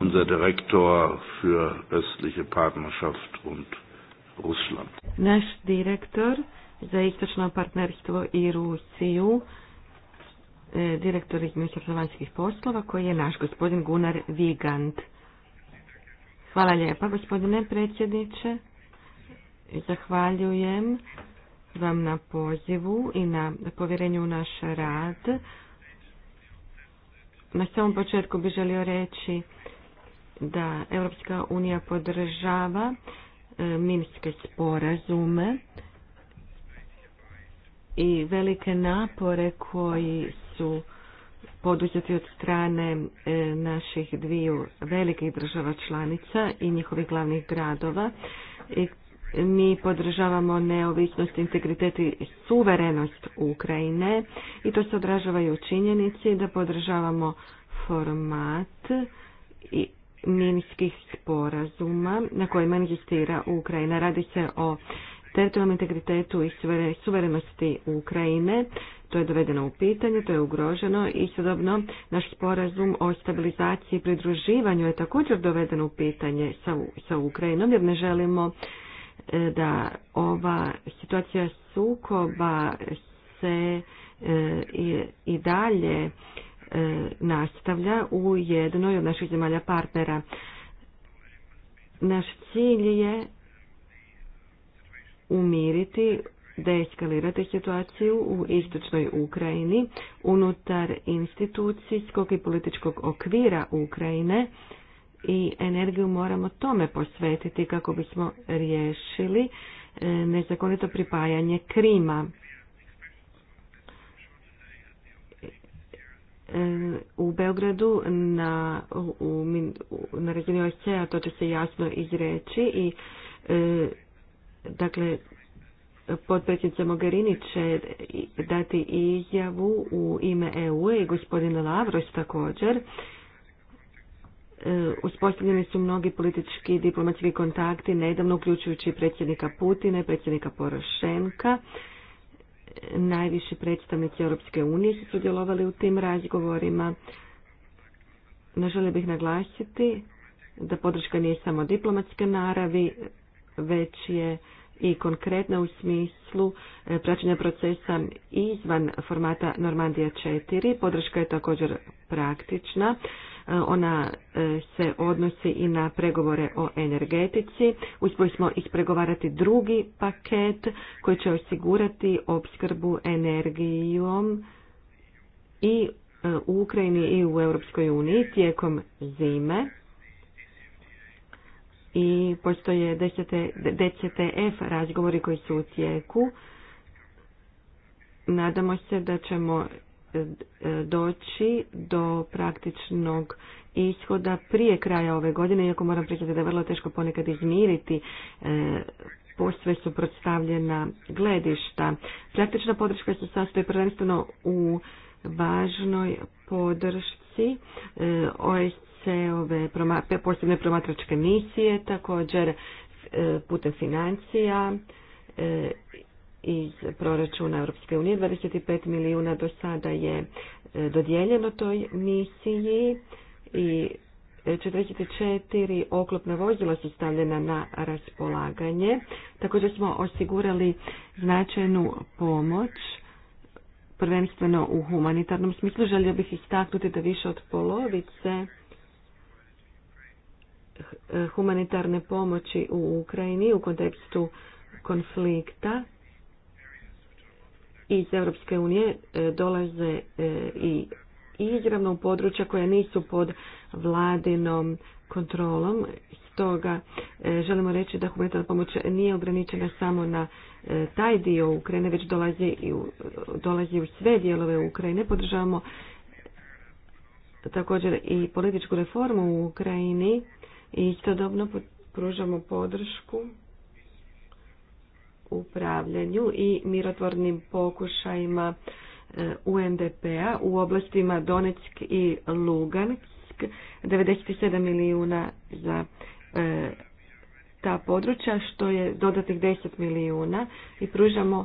Unser Direktor für östliche Partnerschaft und Russland. Naš direktor za istočno partnerstvo i Rusiju E, direktor Ministarstva vanjskih poslova, koji je naš gospodin Gunar Vigand. Hvala lijepa, gospodine predsjedniče. Zahvaljujem vam na pozivu i na povjerenju u naš rad. Na samom početku bih želio reći da Europska unija podržava e, minske sporazume i velike napore koji su poduzeti od strane e, naših dviju velikih država članica i njihovih glavnih gradova. I mi podržavamo neovisnost, integritet i suverenost Ukrajine i to se odražava i u činjenici da podržavamo format i minskih sporazuma na kojima inzistira Ukrajina. Radi se o teritorijalnom integritetu i suverenosti Ukrajine to je dovedeno u pitanje, to je ugroženo i sudobno naš sporazum o stabilizaciji i pridruživanju je također dovedeno u pitanje sa, sa Ukrajinom jer ne želimo e, da ova situacija sukoba se e, i, i dalje e, nastavlja u jednoj od naših zemalja partnera. Naš cilj je umiriti deeskalirati situaciju u istočnoj Ukrajini unutar institucijskog i političkog okvira Ukrajine i energiju moramo tome posvetiti kako bismo riješili e, nezakonito pripajanje Krima. E, u Beogradu na, u, na razini OSCE-a to će se jasno izreći i e, dakle potpredsjednica Mogherini će dati izjavu u ime EU i gospodin Lavros također. E, uspostavljeni su mnogi politički i diplomatski kontakti, nedavno uključujući predsjednika Putina i predsjednika Porošenka. Najviši predstavnici Europske unije su sudjelovali u tim razgovorima. No želio bih naglasiti da podrška nije samo diplomatske naravi, već je i konkretna u smislu e, praćenja procesa izvan formata Normandija 4. Podrška je također praktična. E, ona e, se odnosi i na pregovore o energetici. Uspjeli smo ispregovarati drugi paket koji će osigurati opskrbu energijom i u Ukrajini i u Europskoj uniji tijekom zime i postoje DCTF razgovori koji su u tijeku. Nadamo se da ćemo e, doći do praktičnog ishoda prije kraja ove godine, iako moram priznati da je vrlo teško ponekad izmiriti e, posve predstavljena gledišta. Praktična podrška se sastoji prvenstveno u važnoj podršci e, OSC se ove posebne promatračke misije, također e, putem financija e, iz proračuna Europske unije. 25 milijuna do sada je e, dodijeljeno toj misiji i 44 oklopna vozila su stavljena na raspolaganje. Također smo osigurali značajnu pomoć, prvenstveno u humanitarnom smislu. Želio bih istaknuti da više od polovice Eh, humanitarne pomoći u Ukrajini u kontekstu konflikta iz Europske unije eh, dolaze eh, i izravno u područja koja nisu pod vladinom kontrolom. Stoga želimo reći da humanitarna pomoć nije ograničena samo na taj dio Ukrajine, već dolazi, i u, dolazi u sve dijelove Ukrajine. Podržavamo također i političku reformu u Ukrajini i istodobno pružamo podršku upravljanju i mirotvornim pokušajima e, UNDP-a u oblastima Donetsk i Lugansk, 97 milijuna za e, ta područja, što je dodatnih 10 milijuna i pružamo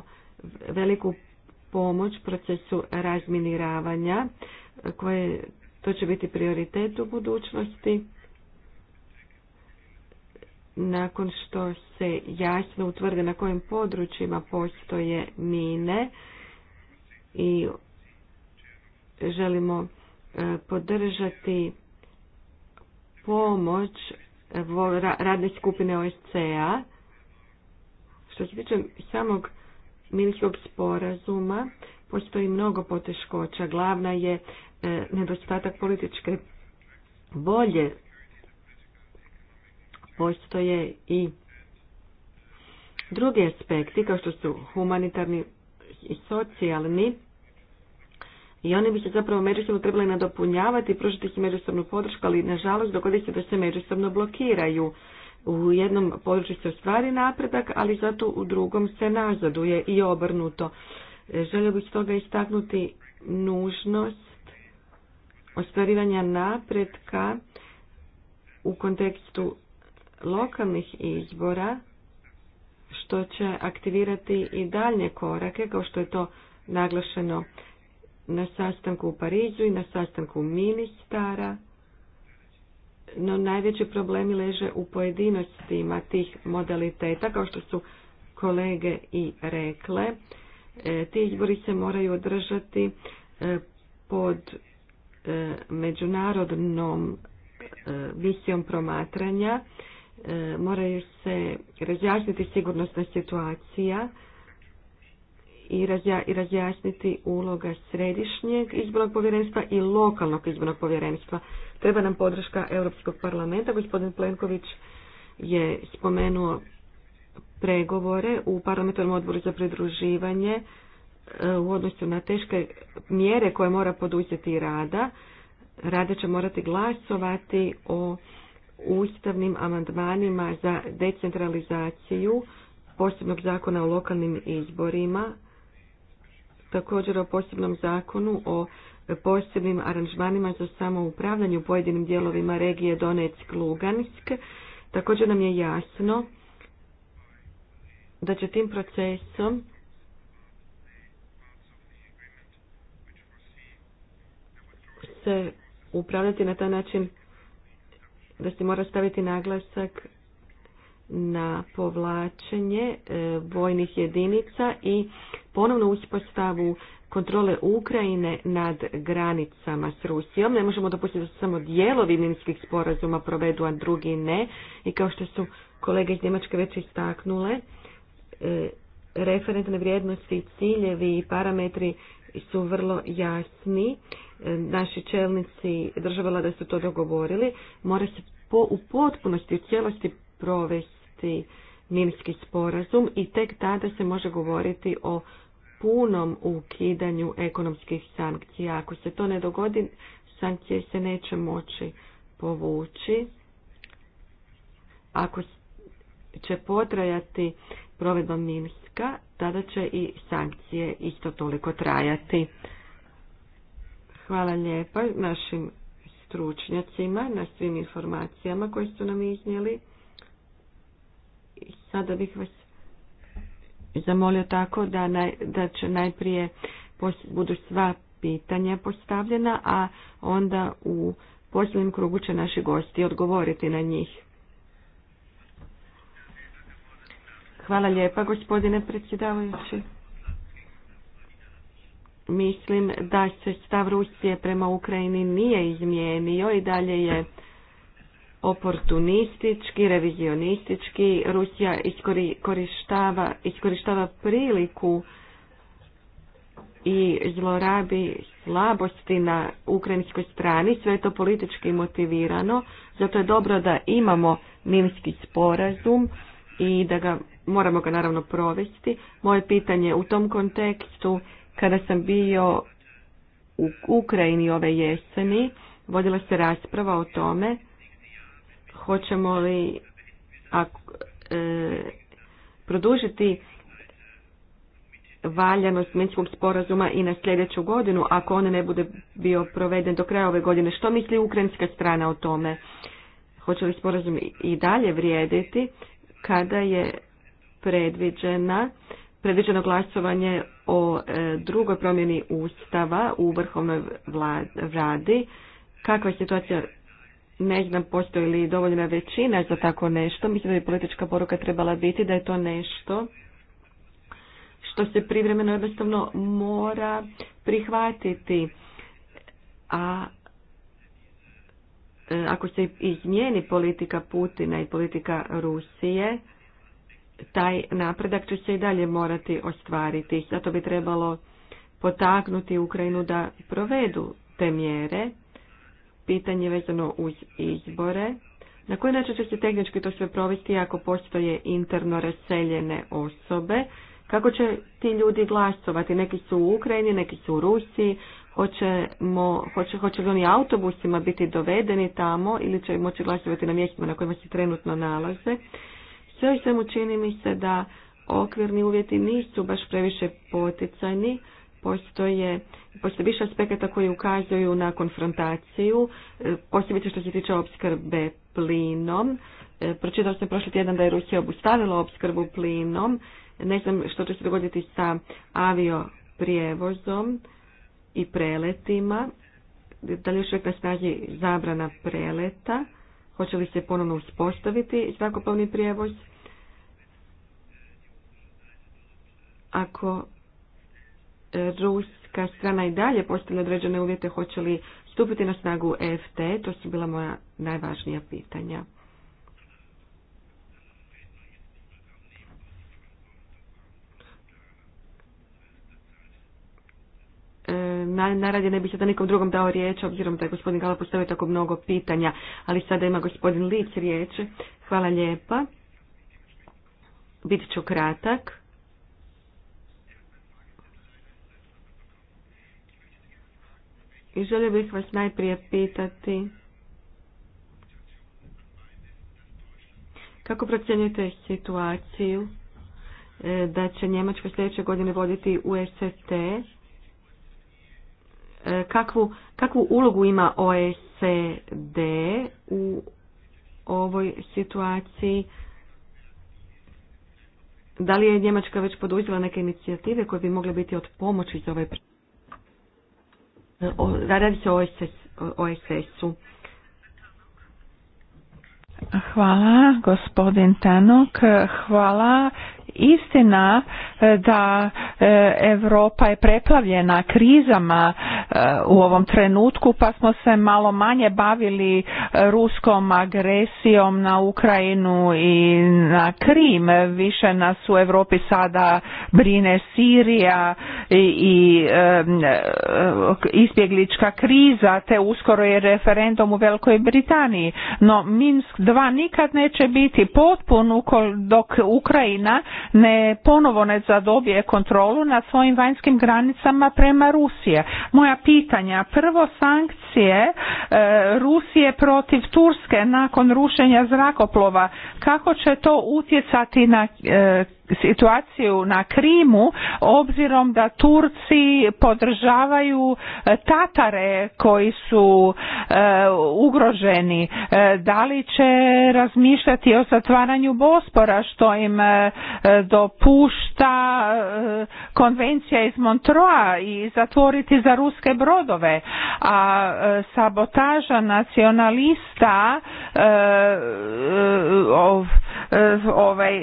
veliku pomoć procesu razminiravanja, e, koje to će biti prioritet u budućnosti nakon što se jasno utvrde na kojim područjima postoje mine i želimo e, podržati pomoć e, radne skupine OSCE-a. Što se tiče samog minskog sporazuma, postoji mnogo poteškoća. Glavna je e, nedostatak političke volje postoje i drugi aspekti kao što su humanitarni i socijalni i oni bi se zapravo međusobno trebali nadopunjavati i pružiti si međusobnu podršku, ali nažalost dogodi se da se međusobno blokiraju. U jednom području se ostvari napredak, ali zato u drugom se nazaduje i obrnuto. E, želio bih stoga istaknuti nužnost ostvarivanja napretka u kontekstu lokalnih izbora, što će aktivirati i daljnje korake, kao što je to naglašeno na sastanku u Parizu i na sastanku ministara. No najveći problemi leže u pojedinostima tih modaliteta, kao što su kolege i rekle. E, ti izbori se moraju održati e, pod e, međunarodnom visijom promatranja moraju se razjasniti sigurnosna situacija i razjasniti uloga središnjeg izbornog povjerenstva i lokalnog izbornog povjerenstva. Treba nam podrška Europskog parlamenta. Gospodin Plenković je spomenuo pregovore u parlamentarnom odboru za pridruživanje e, u odnosu na teške mjere koje mora poduzeti rada. Rada će morati glasovati o ustavnim amandmanima za decentralizaciju posebnog zakona o lokalnim izborima, također o posebnom zakonu o posebnim aranžmanima za samoupravljanje u pojedinim dijelovima regije Donetsk-Lugansk. Također nam je jasno da će tim procesom se upravljati na taj način da se mora staviti naglasak na povlačenje e, vojnih jedinica i ponovno uspostavu kontrole Ukrajine nad granicama s Rusijom. Ne možemo dopustiti da su samo dijelovi minskih sporazuma provedu, a drugi ne. I kao što su kolege iz Njemačke već istaknule, e, referentne vrijednosti, ciljevi i parametri su vrlo jasni naši čelnici država da su to dogovorili, mora se po, u potpunosti, u cijelosti provesti minski sporazum i tek tada se može govoriti o punom ukidanju ekonomskih sankcija. Ako se to ne dogodi, sankcije se neće moći povući. Ako će potrajati provedba Minska, tada će i sankcije isto toliko trajati. Hvala lijepa našim stručnjacima na svim informacijama koje su nam iznijeli. I sada bih vas zamolio tako da, naj, da će najprije pos, budu sva pitanja postavljena, a onda u posljednjem krugu će naši gosti odgovoriti na njih. Hvala lijepa gospodine predsjedavajući. Mislim da se stav Rusije prema Ukrajini nije izmijenio i dalje je oportunistički, revizionistički. Rusija iskorištava, priliku i zlorabi slabosti na ukrajinskoj strani. Sve je to politički motivirano. Zato je dobro da imamo minski sporazum i da ga moramo ga naravno provesti. Moje pitanje u tom kontekstu kada sam bio u Ukrajini ove jeseni, vodila se rasprava o tome hoćemo li ako, e, produžiti valjanost minskog sporazuma i na sljedeću godinu, ako on ne bude bio proveden do kraja ove godine. Što misli ukrajinska strana o tome? Hoće li sporazum i dalje vrijediti kada je predviđena predviđeno glasovanje o e, drugoj promjeni Ustava u vrhovnoj vladi. Kakva je situacija? Ne znam postoji li dovoljna većina za tako nešto. Mislim da bi politička poruka trebala biti da je to nešto što se privremeno jednostavno mora prihvatiti. A e, ako se izmijeni politika Putina i politika Rusije, taj napredak će se i dalje morati ostvariti. Zato bi trebalo potaknuti Ukrajinu da provedu te mjere. Pitanje vezano uz izbore. Na koji način će se tehnički to sve provesti ako postoje interno raseljene osobe? Kako će ti ljudi glasovati? Neki su u Ukrajini, neki su u Rusiji. Hoćemo, hoće, hoće li oni autobusima biti dovedeni tamo ili će moći glasovati na mjestima na kojima se trenutno nalaze? Sve i svemu čini mi se da okvirni uvjeti nisu baš previše poticajni. Postoje, postoje više aspekata koji ukazuju na konfrontaciju, e, posebice što se tiče opskrbe plinom. E, pročitao sam prošli tjedan da je Rusija obustavila opskrbu plinom. Ne znam što će se dogoditi sa avio prijevozom i preletima. Da li još uvijek na zabrana preleta? Hoće li se ponovno uspostaviti zrakoplovni prijevoz? Ako e, ruska strana i dalje postavlja određene uvjete, hoće li stupiti na snagu EFT? To su bila moja najvažnija pitanja. E, Naradje ne bi sada nikom drugom dao riječ, obzirom da je gospodin Gala postavio tako mnogo pitanja, ali sada ima gospodin Lic riječ. Hvala lijepa. Bit ću kratak. I želio bih vas najprije pitati kako procjenjujete situaciju e, da će Njemačka sljedeće godine voditi USST? E, kakvu, kakvu ulogu ima OECD u ovoj situaciji? Da li je Njemačka već poduzela neke inicijative koje bi mogle biti od pomoći za ovaj radi se o OSS-u. Hvala, gospodin Tanok. Hvala istina e, da Europa je preplavljena krizama e, u ovom trenutku pa smo se malo manje bavili ruskom agresijom na Ukrajinu i na Krim. Više nas u Europi sada brine Sirija i e, izbjeglička kriza te uskoro je referendum u Velikoj Britaniji. No Minsk 2 nikad neće biti potpun dok Ukrajina ne ponovo ne zadobije kontrolu na svojim vanjskim granicama prema Rusije. Moja pitanja, prvo sankcije e, Rusije protiv Turske nakon rušenja zrakoplova, kako će to utjecati na e, situaciju na Krimu obzirom da Turci podržavaju e, Tatare koji su e, ugroženi e, da li će razmišljati o zatvaranju Bospora što im dopušta konvencija iz Montroa i zatvoriti za ruske brodove a sabotaža nacionalista ov, ovaj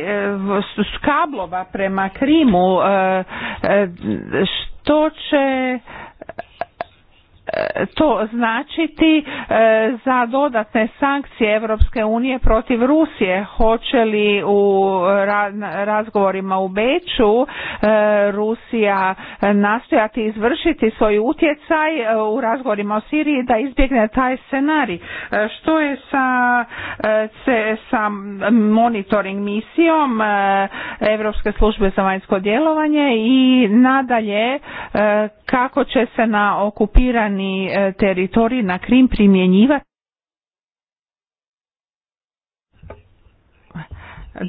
kablova prema Krimu e, e, što će E, to značiti e, za dodatne sankcije Europske unije protiv Rusije? Hoće li u razgovorima u Beću e, Rusija nastojati izvršiti svoj utjecaj u razgovorima o Siriji da izbjegne taj scenarij? Što je sa, sa monitoring misijom Europske službe za vanjsko djelovanje i nadalje kako će se na okupiranje okupirani e, teritorij na Krim primjenjivati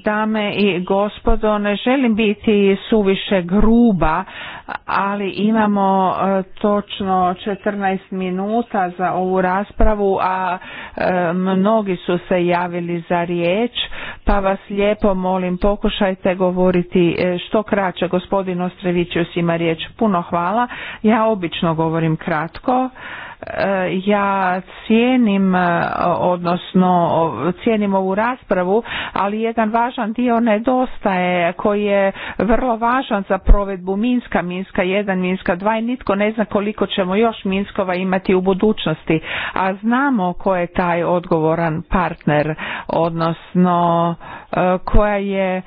Dame i gospodo, ne želim biti suviše gruba ali imamo e, točno 14 minuta za ovu raspravu, a e, mnogi su se javili za riječ, pa vas lijepo molim pokušajte govoriti e, što kraće. Gospodin Ostrevićus ima riječ. Puno hvala. Ja obično govorim kratko. Ja cijenim, odnosno cijenim ovu raspravu, ali jedan važan dio nedostaje koji je vrlo važan za provedbu Minska Minska 1, Minska 2 i nitko ne zna koliko ćemo još Minskova imati u budućnosti. A znamo ko je taj odgovoran partner, odnosno e, koja je e,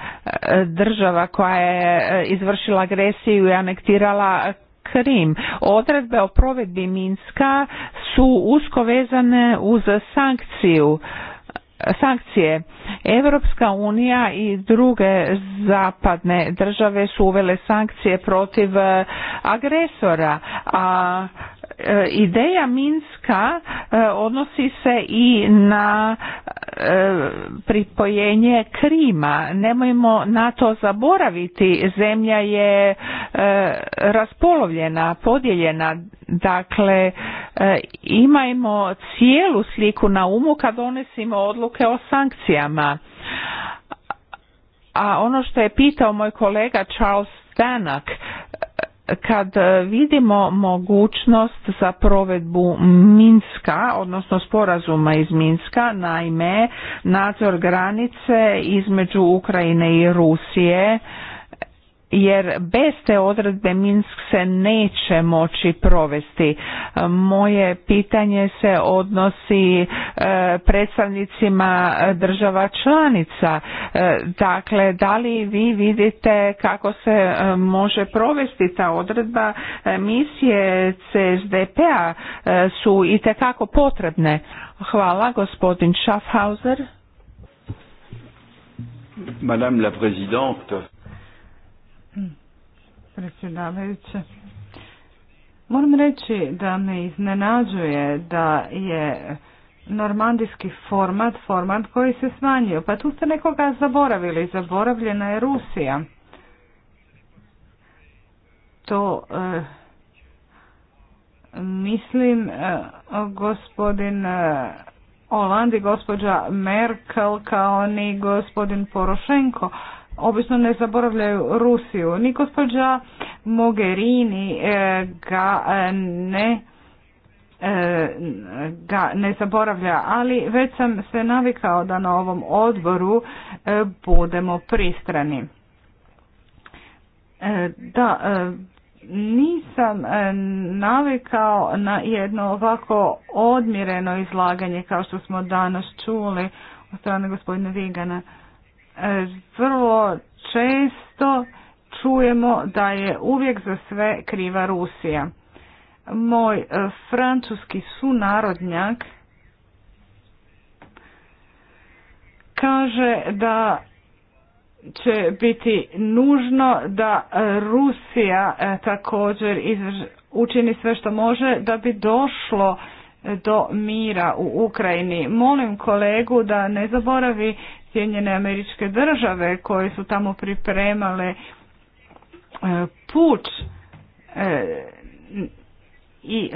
država koja je e, izvršila agresiju i anektirala Krim. Odredbe o provedbi Minska su usko vezane uz sankciju sankcije. Europska unija i druge zapadne države su uvele sankcije protiv eh, agresora, a E, ideja Minska e, odnosi se i na e, pripojenje Krima. Nemojmo na to zaboraviti. Zemlja je raspolovljena, podijeljena. Dakle, imajmo cijelu sliku na umu kad donesimo odluke o sankcijama. A ono što je pitao moj kolega Charles Stanak, kad e, vidimo mogućnost za provedbu Minska, odnosno sporazuma iz Minska, naime nadzor granice između Ukrajine i Rusije, jer bez te odredbe Minsk se neće moći provesti. E, moje pitanje se odnosi e, predstavnicima država članica. E, dakle, da li vi vidite kako se može provesti ta odredba? Misije CSDP-a su i tekako potrebne. Hvala, gospodin Schaffhauser. Madame la Présidente, predsjedavajuće. Moram reći da me iznenađuje da je normandijski format, format koji se smanjio. Pa tu ste nekoga zaboravili, zaboravljena je Rusija. To eh, mislim eh, gospodin e, i gospođa Merkel kao ni gospodin Porošenko obično ne zaboravljaju Rusiju. Ni gospođa Mogherini eh, ga eh, ne eh, ga ne zaboravlja, ali već sam se navikao da na ovom odboru budemo pristrani. Da, nisam navikao na jedno ovako odmireno izlaganje kao što smo danas čuli od strane gospodina Vigana. E, vrlo često čujemo da je uvijek za sve kriva Rusija. Moj e, francuski sunarodnjak kaže da će biti nužno da Rusija e, također učini sve što može da bi došlo do mira u Ukrajini. Molim kolegu da ne zaboravi Sjedinjene američke države koje su tamo pripremale e, puč e, i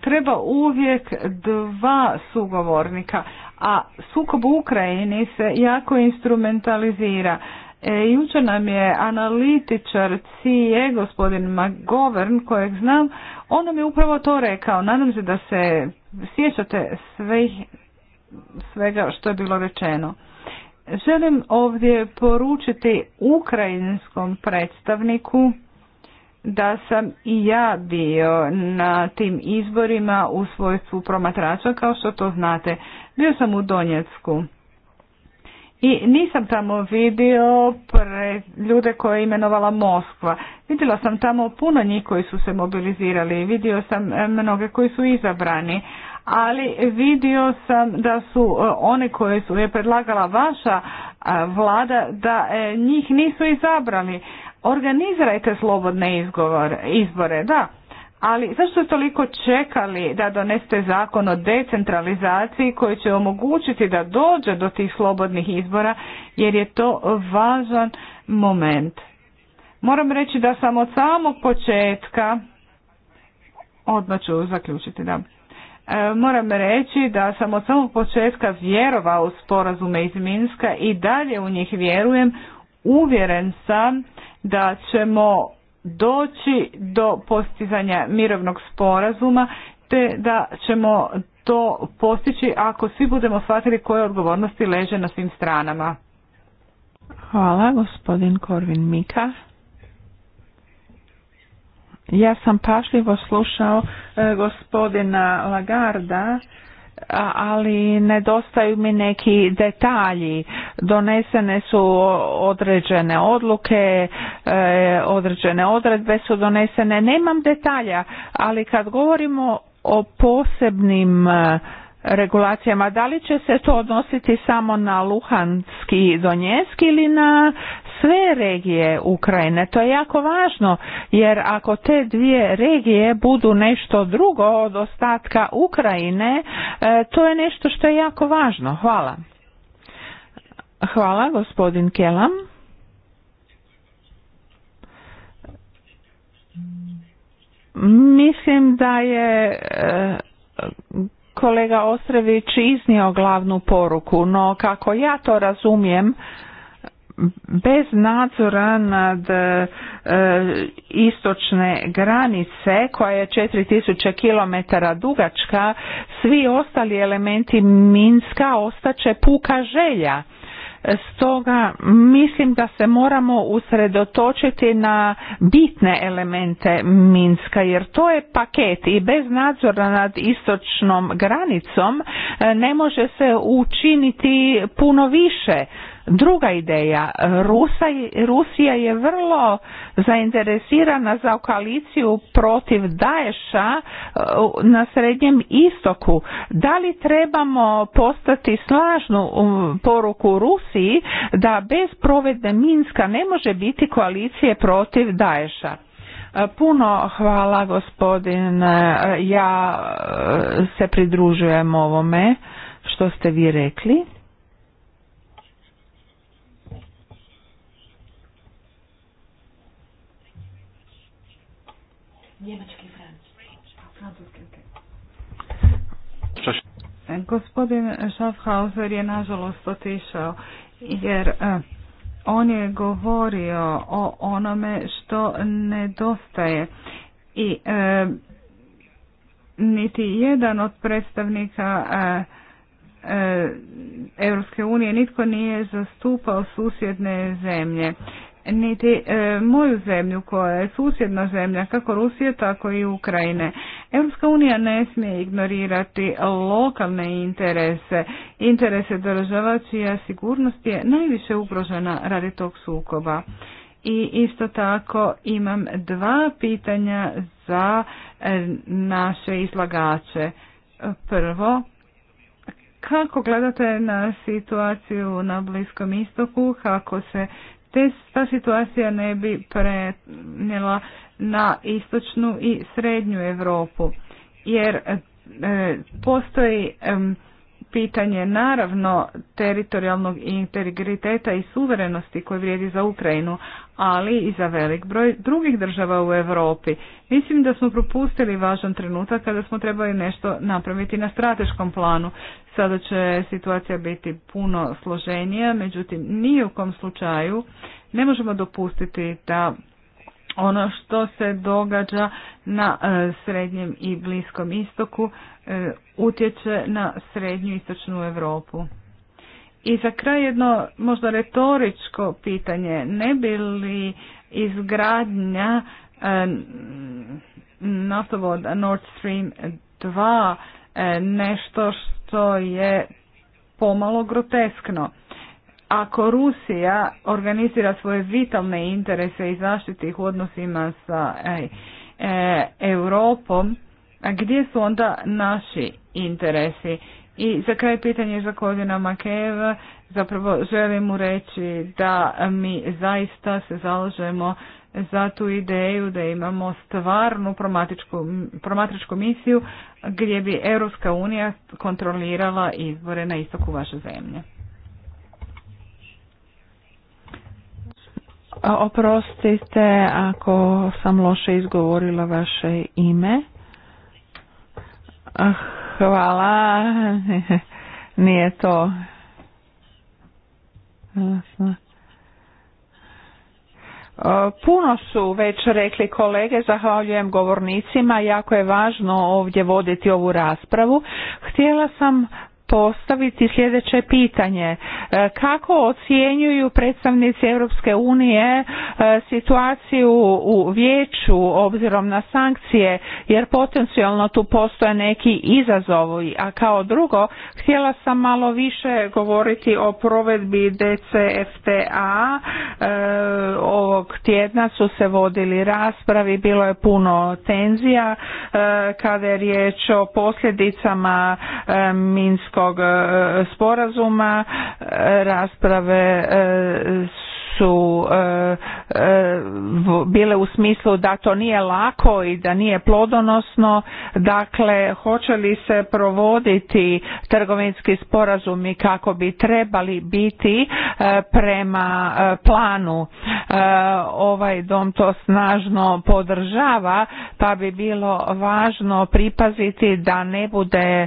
treba uvijek dva sugovornika, a sukob u Ukrajini se jako instrumentalizira. E, jučer nam je analitičar CIE, gospodin McGovern, kojeg znam, on nam je upravo to rekao. Nadam se da se sjećate svih svega što je bilo rečeno. Želim ovdje poručiti ukrajinskom predstavniku da sam i ja bio na tim izborima u svojstvu promatrača, kao što to znate. Bio sam u Donjecku i nisam tamo vidio pre ljude koje je imenovala Moskva. Vidjela sam tamo puno njih koji su se mobilizirali, vidio sam mnoge koji su izabrani, ali vidio sam da su e, one koje su je predlagala vaša e, vlada da e, njih nisu izabrali. Organizirajte slobodne izbore, da. Ali zašto ste toliko čekali da doneste zakon o decentralizaciji koji će omogućiti da dođe do tih slobodnih izbora jer je to važan moment. Moram reći da sam od samog početka, odmah ću zaključiti da, E, moram reći da sam od samog početka vjerovao u sporazume iz Minska i dalje u njih vjerujem. Uvjeren sam da ćemo doći do postizanja mirovnog sporazuma te da ćemo to postići ako svi budemo shvatili koje odgovornosti leže na svim stranama. Hvala, gospodin Korvin Mika. Ja sam pašljivo slušao e, gospodina Lagarda, ali nedostaju mi neki detalji. Donesene su određene odluke, e, određene odredbe su donesene. Nemam detalja, ali kad govorimo o posebnim e, regulacijama, da li će se to odnositi samo na Luhanski i ili na sve regije Ukrajine. To je jako važno jer ako te dvije regije budu nešto drugo od ostatka Ukrajine, e, to je nešto što je jako važno. Hvala. Hvala gospodin Kelam. Mislim da je e, kolega Ostrević iznio glavnu poruku, no kako ja to razumijem, bez nadzora nad e, istočne granice koja je 4000 km dugačka, svi ostali elementi Minska ostaće puka želja. Stoga mislim da se moramo usredotočiti na bitne elemente Minska jer to je paket i bez nadzora nad istočnom granicom e, ne može se učiniti puno više Druga ideja, Rusija je vrlo zainteresirana za koaliciju protiv Daesha e, na Srednjem istoku. Da li trebamo postati slažnu um, poruku Rusiji da bez provedbe Minska ne može biti koalicije protiv Daesha? E, puno hvala gospodin, e, ja se pridružujem ovome što ste vi rekli. Njemački i francuski. Gospodin Schaffhauser je nažalost otišao jer e, on je govorio o onome što nedostaje i e, niti jedan od predstavnika e, e, Europske unije nitko nije zastupao susjedne zemlje niti e, moju zemlju koja je susjedna zemlja kako Rusije tako i Ukrajine. Europska unija ne smije ignorirati lokalne interese, interese država čija sigurnost je najviše ugrožena radi tog sukoba. I isto tako imam dva pitanja za e, naše izlagače. Prvo, kako gledate na situaciju na Bliskom istoku, kako se te ta situacija ne bi prenijela na istočnu i srednju Europu jer e, postoji pitanje naravno teritorijalnog integriteta i suverenosti koji vrijedi za Ukrajinu, ali i za velik broj drugih država u Europi. Mislim da smo propustili važan trenutak kada smo trebali nešto napraviti na strateškom planu. Sada će situacija biti puno složenija, međutim ni u kom slučaju ne možemo dopustiti da ono što se događa na e, srednjem i bliskom istoku e, utječe na srednju istočnu Europu. I za kraj jedno možda retoričko pitanje, ne bi li izgradnja e, naftovoda Nord Stream 2 nešto što je pomalo groteskno. Ako Rusija organizira svoje vitalne interese i zaštiti ih u odnosima sa e, Europom, a gdje su onda naši interesi? I za kraj pitanje za Kodina Makeva, zapravo želim mu reći da mi zaista se zalažemo za tu ideju da imamo stvarnu promatričku misiju gdje bi Europska unija kontrolirala izbore na istoku vaše zemlje. Oprostite ako sam loše izgovorila vaše ime. Ah, hvala. Nije to. Puno su već rekli kolege, zahvaljujem govornicima, jako je važno ovdje voditi ovu raspravu. Htjela sam postaviti sljedeće pitanje. E, kako ocjenjuju predstavnici Europske unije e, situaciju u vijeću obzirom na sankcije jer potencijalno tu postoje neki izazovi. A kao drugo, htjela sam malo više govoriti o provedbi DCFTA. E, ovog tjedna su se vodili raspravi, bilo je puno tenzija kada je riječ o posljedicama Minsko tog e, sporazuma. E, rasprave e, su e, e, bile u smislu da to nije lako i da nije plodonosno. Dakle, hoće li se provoditi trgovinski sporazumi kako bi trebali biti e, prema planu. Ovaj dom to snažno podržava pa bi bilo važno pripaziti da ne bude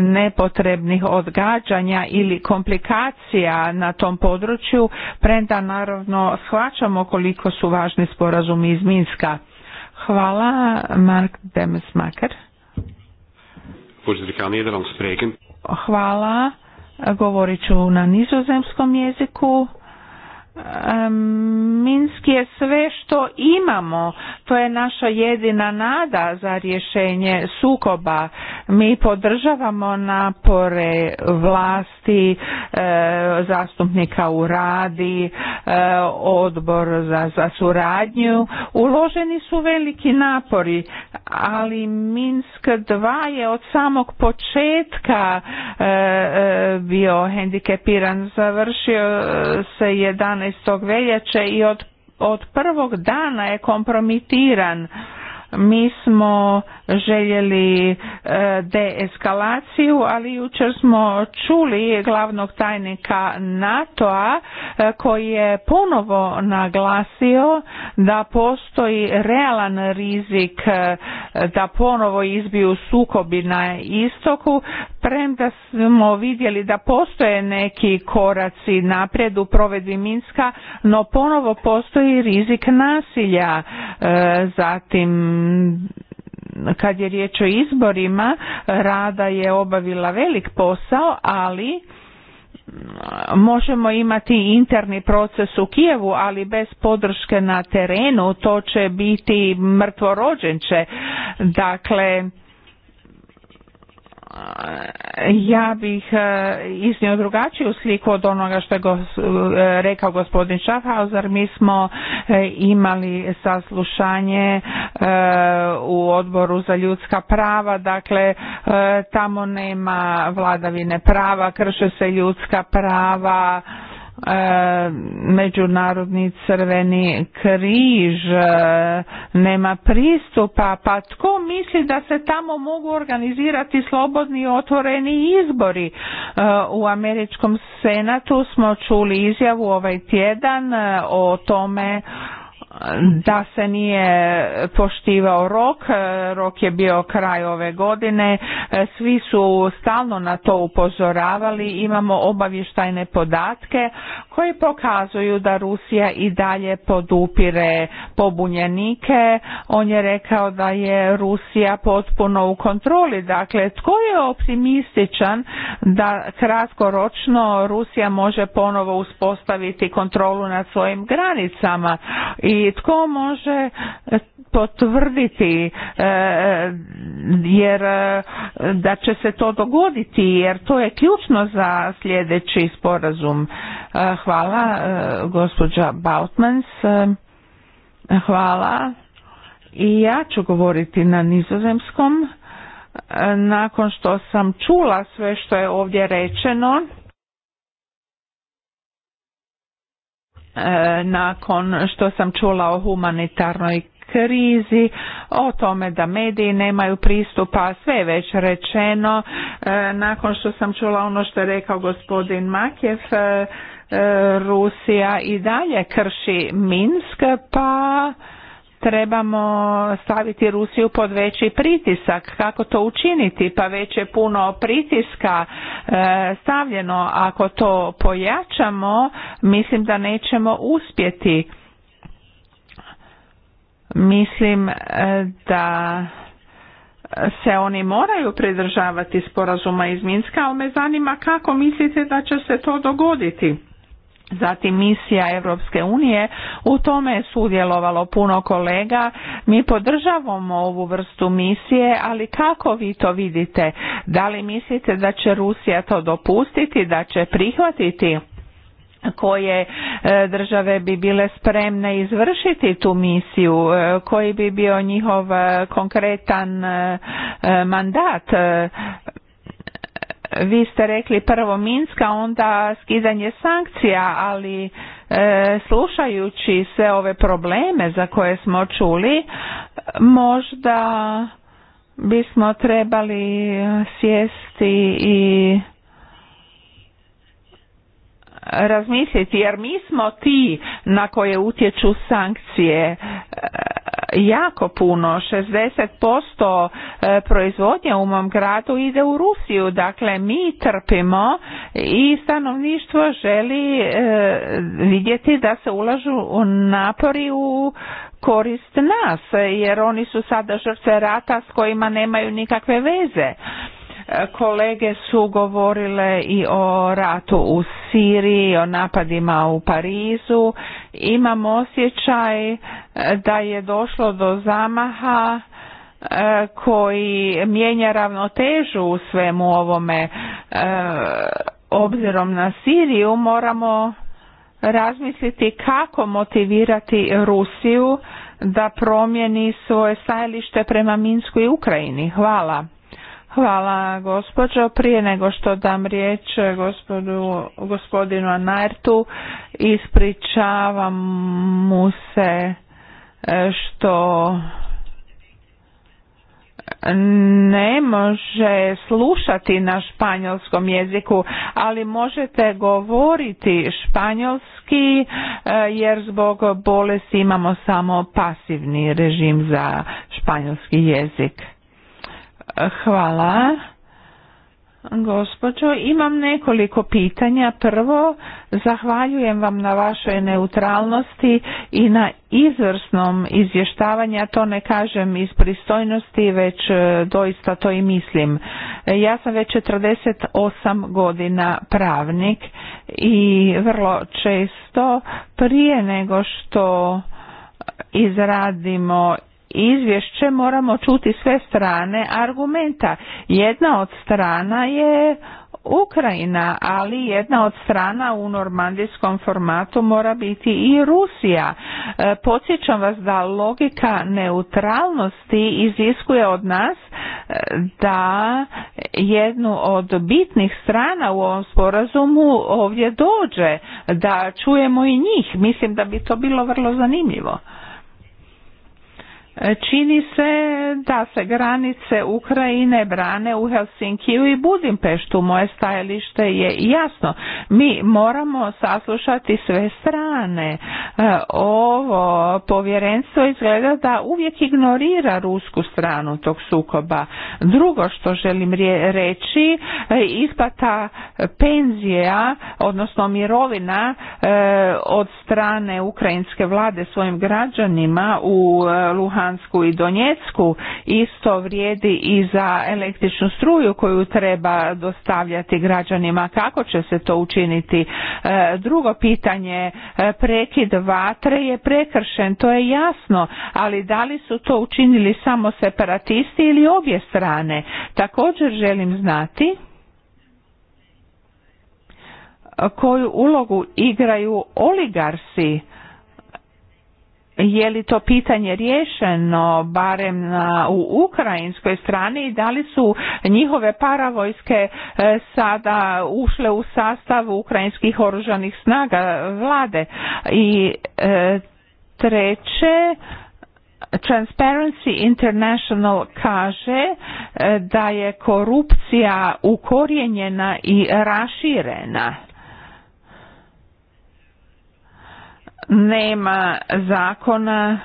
nepotrebnih odgađanja ili komplikacija na tom području, premda naravno shvaćamo koliko su važni sporazumi iz Minska. Hvala, Mark Demesmaker. Hvala, govorit ću na nizozemskom jeziku. Minski je sve što imamo, to je naša jedina nada za rješenje sukoba. Mi podržavamo napore vlasti, e, zastupnika u radi, e, odbor za, za suradnju. Uloženi su veliki napori, ali Minsk 2 je od samog početka e, bio hendikepiran, završio se 11 12. veljače i od, od prvog dana je kompromitiran. Mi smo željeli e, deeskalaciju, ali jučer smo čuli glavnog tajnika NATO-a e, koji je ponovo naglasio da postoji realan rizik e, da ponovo izbiju sukobi na istoku, premda smo vidjeli da postoje neki koraci naprijed u provedbi Minska, no ponovo postoji rizik nasilja, zatim kad je riječ o izborima, Rada je obavila velik posao, ali mm, možemo imati interni proces u Kijevu, ali bez podrške na terenu to će biti mrtvorođenče. Dakle, ja bih e, iznio drugačiju sliku od onoga što je go, e, rekao gospodin Schaffhauser. Mi smo e, imali saslušanje u odboru za ljudska prava, dakle tamo nema vladavine prava, krše se ljudska prava, E, Međunarodni crveni križ e, nema pristupa, pa tko misli da se tamo mogu organizirati slobodni otvoreni izbori? E, u američkom senatu smo čuli izjavu ovaj tjedan o tome da se nije poštivao rok, e, rok je bio kraj ove godine, e, svi su stalno na to upozoravali, imamo obavještajne podatke koji pokazuju da Rusija i dalje podupire pobunjenike, on je rekao da je Rusija potpuno u kontroli, dakle tko je optimističan da kratkoročno Rusija može ponovo uspostaviti kontrolu nad svojim granicama i tko može e, potvrditi e, jer e, da će se to dogoditi jer to je ključno za sljedeći sporazum. Hvala gospođa Bautmans. Hvala. I ja ću govoriti na nizozemskom nakon što sam čula sve što je ovdje rečeno E, nakon što sam čula o humanitarnoj krizi, o tome da mediji nemaju pristupa, sve je već rečeno. E, nakon što sam čula ono što je rekao gospodin Makjev, e, Rusija i dalje krši Minsk, pa trebamo staviti Rusiju pod veći pritisak. Kako to učiniti? Pa već je puno pritiska e, stavljeno. Ako to pojačamo, mislim da nećemo uspjeti. Mislim e, da se oni moraju pridržavati sporazuma iz Minska, ali me zanima kako mislite da će se to dogoditi zatim misija Europske unije, u tome je sudjelovalo puno kolega. Mi podržavamo ovu vrstu misije, ali kako vi to vidite? Da li mislite da će Rusija to dopustiti, da će prihvatiti? koje e, države bi bile spremne izvršiti tu misiju, e, koji bi bio njihov e, konkretan mandat vi ste rekli prvo Minska, onda skidanje sankcija, ali e, slušajući sve ove probleme za koje smo čuli, možda bismo trebali sjesti i razmisliti jer mi smo ti na koje utječu sankcije jako puno. 60% e, proizvodnje u mom gradu ide u Rusiju. Dakle, mi trpimo i stanovništvo želi e, vidjeti da se ulažu napori u korist nas, jer oni su sada žrtve rata s kojima nemaju nikakve veze. Kolege su govorile i o ratu u Siriji, o napadima u Parizu. Imam osjećaj e, da je došlo do zamaha e, koji mijenja ravnotežu u svemu ovome. E, obzirom na Siriju moramo razmisliti kako motivirati Rusiju da promijeni svoje stajalište prema Minsku i Ukrajini. Hvala. Hvala gospođo. Prije nego što dam riječ eh, gospodu, gospodinu Anartu, ispričavam mu se eh, što ne može slušati na španjolskom jeziku, ali možete govoriti španjolski eh, jer zbog bolesti imamo samo pasivni režim za španjolski jezik. Hvala. Gospođo, imam nekoliko pitanja. Prvo, zahvaljujem vam na vašoj neutralnosti i na izvrsnom izvještavanju, to ne kažem iz pristojnosti, već e, doista to i mislim. Ja sam već 48 godina pravnik i vrlo često prije nego što izradimo izvješće moramo čuti sve strane argumenta. Jedna od strana je Ukrajina, ali jedna od strana u normandijskom formatu mora biti i Rusija. E, podsjećam vas da logika neutralnosti iziskuje od nas e, da jednu od bitnih strana u ovom sporazumu ovdje dođe, da čujemo i njih. Mislim da bi to bilo vrlo zanimljivo. Čini se da se granice Ukrajine brane u Helsinkiju i Budimpeštu. Moje stajalište je jasno. Mi moramo saslušati sve strane. E, ovo povjerenstvo izgleda da uvijek ignorira rusku stranu tog sukoba. Drugo što želim reći, e, ispata penzija, odnosno mirovina e, od strane ukrajinske vlade svojim građanima u Luhansku Lugansku i Donjecku. Isto vrijedi i za električnu struju koju treba dostavljati građanima. Kako će se to učiniti? E, drugo pitanje, e, prekid vatre je prekršen, to je jasno, ali da li su to učinili samo separatisti ili obje strane? Također želim znati koju ulogu igraju oligarsi je li to pitanje riješeno barem na, u ukrajinskoj strani i da li su njihove paravojske e, sada ušle u sastav ukrajinskih oružanih snaga vlade i e, treće Transparency International kaže e, da je korupcija ukorijenjena i raširena nema zakona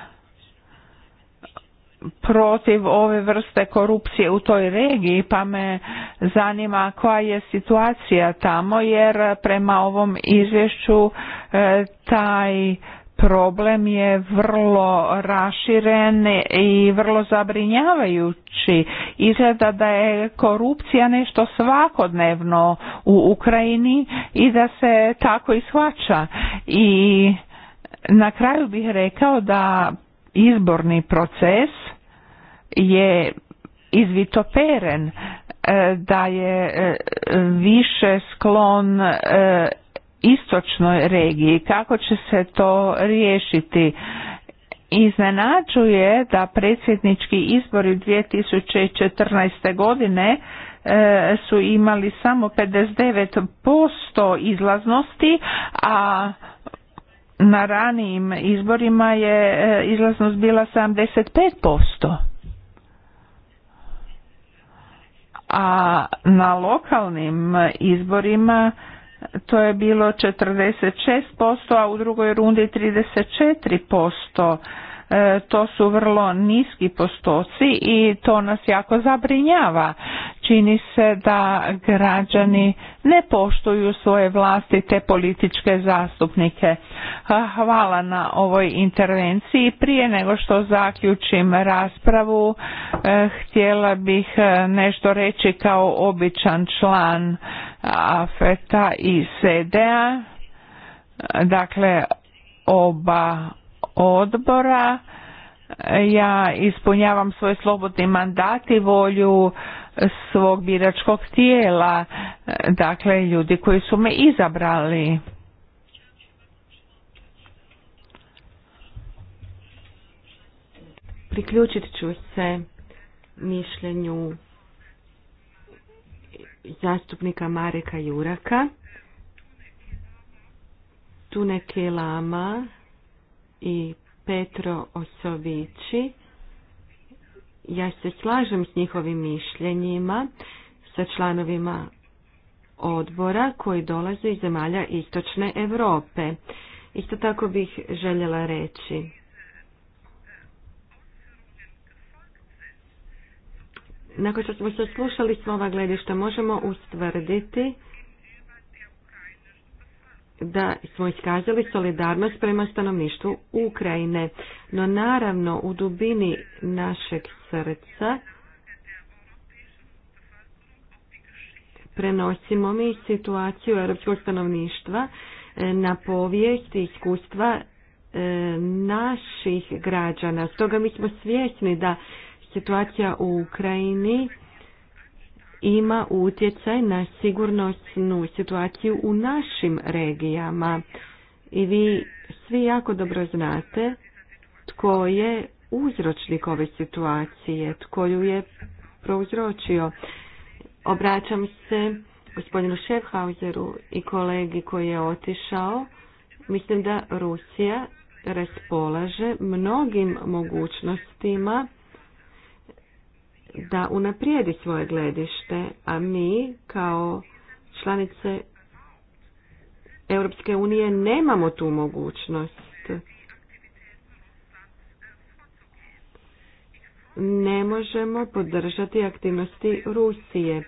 protiv ove vrste korupcije u toj regiji pa me zanima koja je situacija tamo jer prema ovom izvješću e, taj problem je vrlo raširen i vrlo zabrinjavajući. Izgleda da je korupcija nešto svakodnevno u Ukrajini i da se tako ishvaća i na kraju bih rekao da izborni proces je izvitoperen, e, da je e, više sklon e, istočnoj regiji. Kako će se to riješiti? Iznenađuje da predsjednički izbori 2014. godine su imali samo 59% izlaznosti, a na ranijim izborima je e, izlaznost bila 75%. A na lokalnim izborima to je bilo 46%, a u drugoj rundi 34%. E, to su vrlo niski postoci i to nas jako zabrinjava. Čini se da građani ne poštuju svoje vlastite političke zastupnike. Hvala na ovoj intervenciji. Prije nego što zaključim raspravu, e, htjela bih e, nešto reći kao običan član AFETA i SEDEA. Dakle, oba odbora. Ja ispunjavam svoj slobodni mandat i volju svog biračkog tijela, dakle ljudi koji su me izabrali. Priključit ću se mišljenju zastupnika Mareka Juraka. Tuneke Lama i Petro Osovići. Ja se slažem s njihovim mišljenjima, sa članovima odbora koji dolaze iz zemalja Istočne Europe. Isto tako bih željela reći. Nakon što smo saslušali smo ova gledišta, možemo ustvrditi da smo iskazali solidarnost prema stanovništvu Ukrajine. No naravno u dubini našeg srca prenosimo mi situaciju europskog stanovništva e, na povijest i iskustva e, naših građana. Stoga mi smo svjesni da situacija u Ukrajini ima utjecaj na sigurnosnu situaciju u našim regijama. I vi svi jako dobro znate tko je uzročnik ove situacije, tko ju je prouzročio. Obraćam se gospodinu Šefhauseru i kolegi koji je otišao. Mislim da Rusija raspolaže mnogim mogućnostima da unaprijedi svoje gledište, a mi kao članice Europske unije nemamo tu mogućnost. Ne možemo podržati aktivnosti Rusije.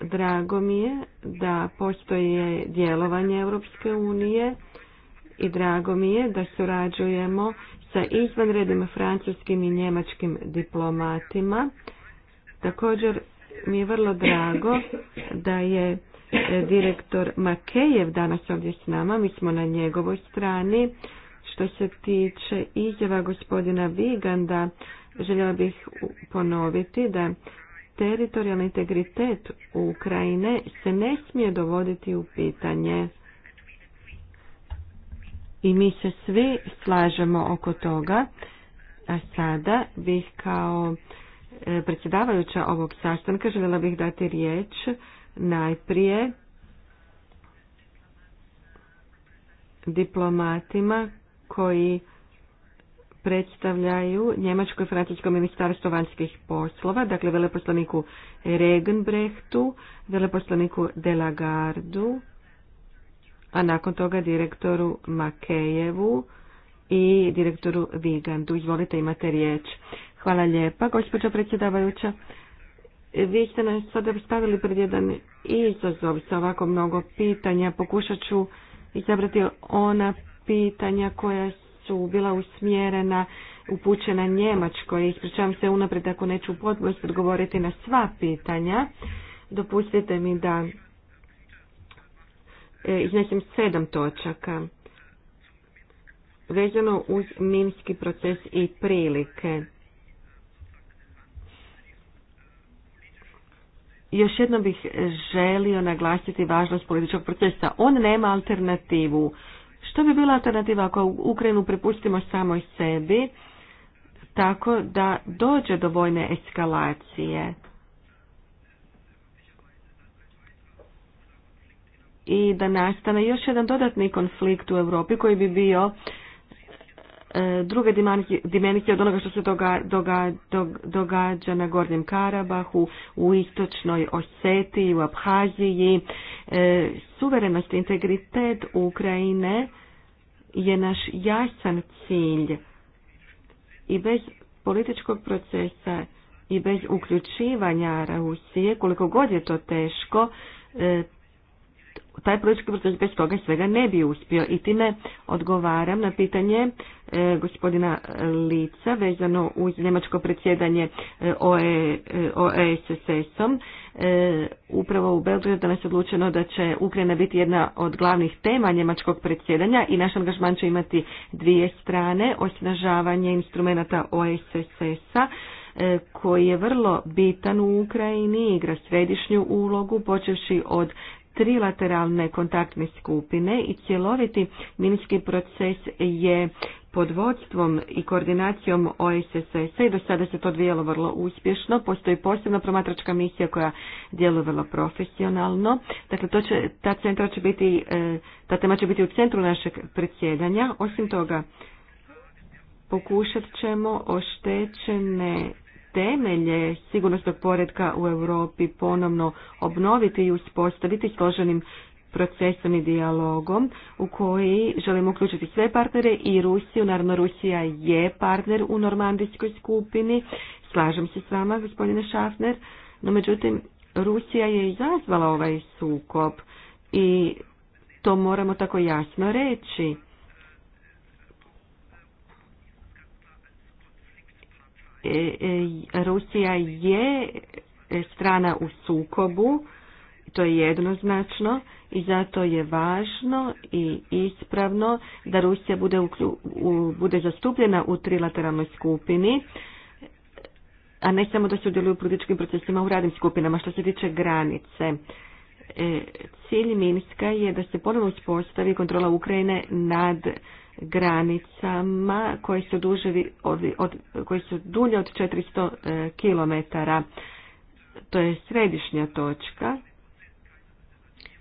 Drago mi je da postoje djelovanje Europske unije i drago mi je da surađujemo sa izvanrednim francuskim i njemačkim diplomatima. Također mi je vrlo drago da je e, direktor Makejev danas ovdje s nama, mi smo na njegovoj strani. Što se tiče izjava gospodina Viganda, željela bih ponoviti da teritorijalni integritet Ukrajine se ne smije dovoditi u pitanje i mi se svi slažemo oko toga. A sada bih kao e, predsjedavajuća ovog sastanka željela bih dati riječ najprije diplomatima koji predstavljaju Njemačko i Francusko ministarstvo vanjskih poslova, dakle veleposlaniku Regenbrechtu, veleposlaniku Delagardu, a nakon toga direktoru Makejevu i direktoru Vigandu. Izvolite, imate riječ. Hvala lijepa, gospođo predsjedavajuća. Vi ste nas sada stavili pred jedan izazov sa ovako mnogo pitanja. Pokušat ću izabrati ona pitanja koja su bila usmjerena, upućena Njemačkoj. Ispričavam se unaprijed ako neću u potpunosti odgovoriti na sva pitanja. Dopustite mi da E, iznesem sedam točaka. Vezano uz minski proces i prilike. Još jednom bih želio naglasiti važnost političkog procesa. On nema alternativu. Što bi bila alternativa ako Ukrajinu prepustimo samoj sebi tako da dođe do vojne eskalacije? i da nastane još jedan dodatni konflikt u Europi koji bi bio e, druge dimenzije od onoga što se doga, doga, događa na Gornjem Karabahu, u istočnoj Osetiji, u Abhaziji. E, suverenost i integritet Ukrajine je naš jasan cilj i bez političkog procesa i bez uključivanja Rusije, koliko god je to teško, e, taj politički proces bez toga svega ne bi uspio i time odgovaram na pitanje e, gospodina Lica vezano uz njemačko predsjedanje e, e, e om upravo u Belgradu danas je odlučeno da će Ukrajina biti jedna od glavnih tema njemačkog predsjedanja i naš angažman će imati dvije strane, osnažavanje instrumenta OESS-a koji je vrlo bitan u Ukrajini, igra središnju ulogu, počevši od trilateralne kontaktne skupine i cjeloviti minski proces je pod vodstvom i koordinacijom OSSS-a i e. do sada se to odvijalo vrlo uspješno. Postoji posebna promatračka misija koja djeluje vrlo profesionalno. Dakle, to će, ta, će biti, e, ta tema će biti u centru našeg predsjedanja. Osim toga, pokušat ćemo oštećene temelje sigurnosnog poredka u Europi ponovno obnoviti i uspostaviti složenim procesom i dijalogom u koji želimo uključiti sve partnere i Rusiju. Naravno, Rusija je partner u normandijskoj skupini. Slažem se s vama, gospodine Šafner. No, međutim, Rusija je izazvala ovaj sukob i to moramo tako jasno reći. E, e, Rusija je strana u sukobu, to je jednoznačno i zato je važno i ispravno da Rusija bude, u, bude zastupljena u trilateralnoj skupini, a ne samo da se u političkim procesima u radnim skupinama što se tiče granice. E, cilj Minska je da se ponovno uspostavi kontrola Ukrajine nad granicama koji su, duževi, od, od, koji su dulje od 400 e, km. To je središnja točka.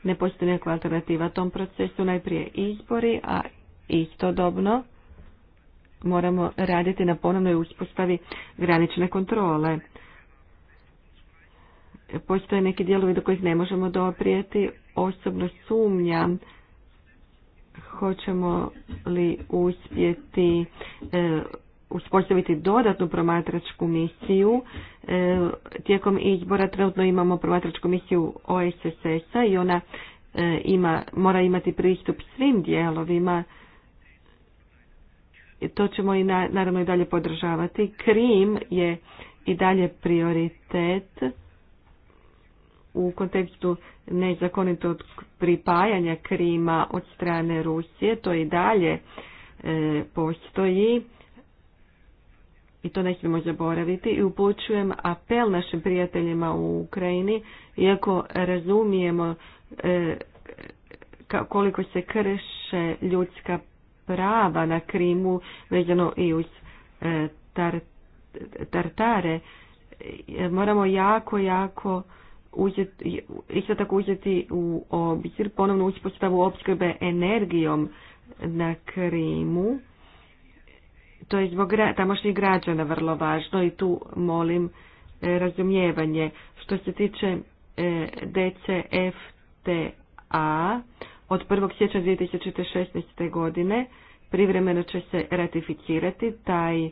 Ne postoji nekakva alternativa tom procesu, najprije izbori, a istodobno moramo raditi na ponovnoj uspostavi granične kontrole. Postoje neki dijelovi do kojih ne možemo doprijeti. Osobno sumnjam hoćemo li uspjeti e, uspostaviti dodatnu promatračku misiju. E, tijekom izbora trenutno imamo promatračku misiju OSSS-a i ona e, ima, mora imati pristup svim dijelovima. To ćemo i naravno i dalje podržavati. Krim je i dalje prioritet u kontekstu nezakonitog pripajanja Krima od strane Rusije. To i dalje e, postoji i to ne smijemo zaboraviti i upućujem apel našim prijateljima u Ukrajini iako razumijemo e, koliko se krše ljudska prava na Krimu vezano i uz e, Tartare moramo jako, jako uzeti, isto tako uzeti u obzir ponovno uspostavu opskrbe energijom na Krimu. To je zbog tamošnjih građana vrlo važno i tu molim e, razumijevanje. Što se tiče e, DCFTA, od 1. siječnja 2016. godine privremeno će se ratificirati taj e,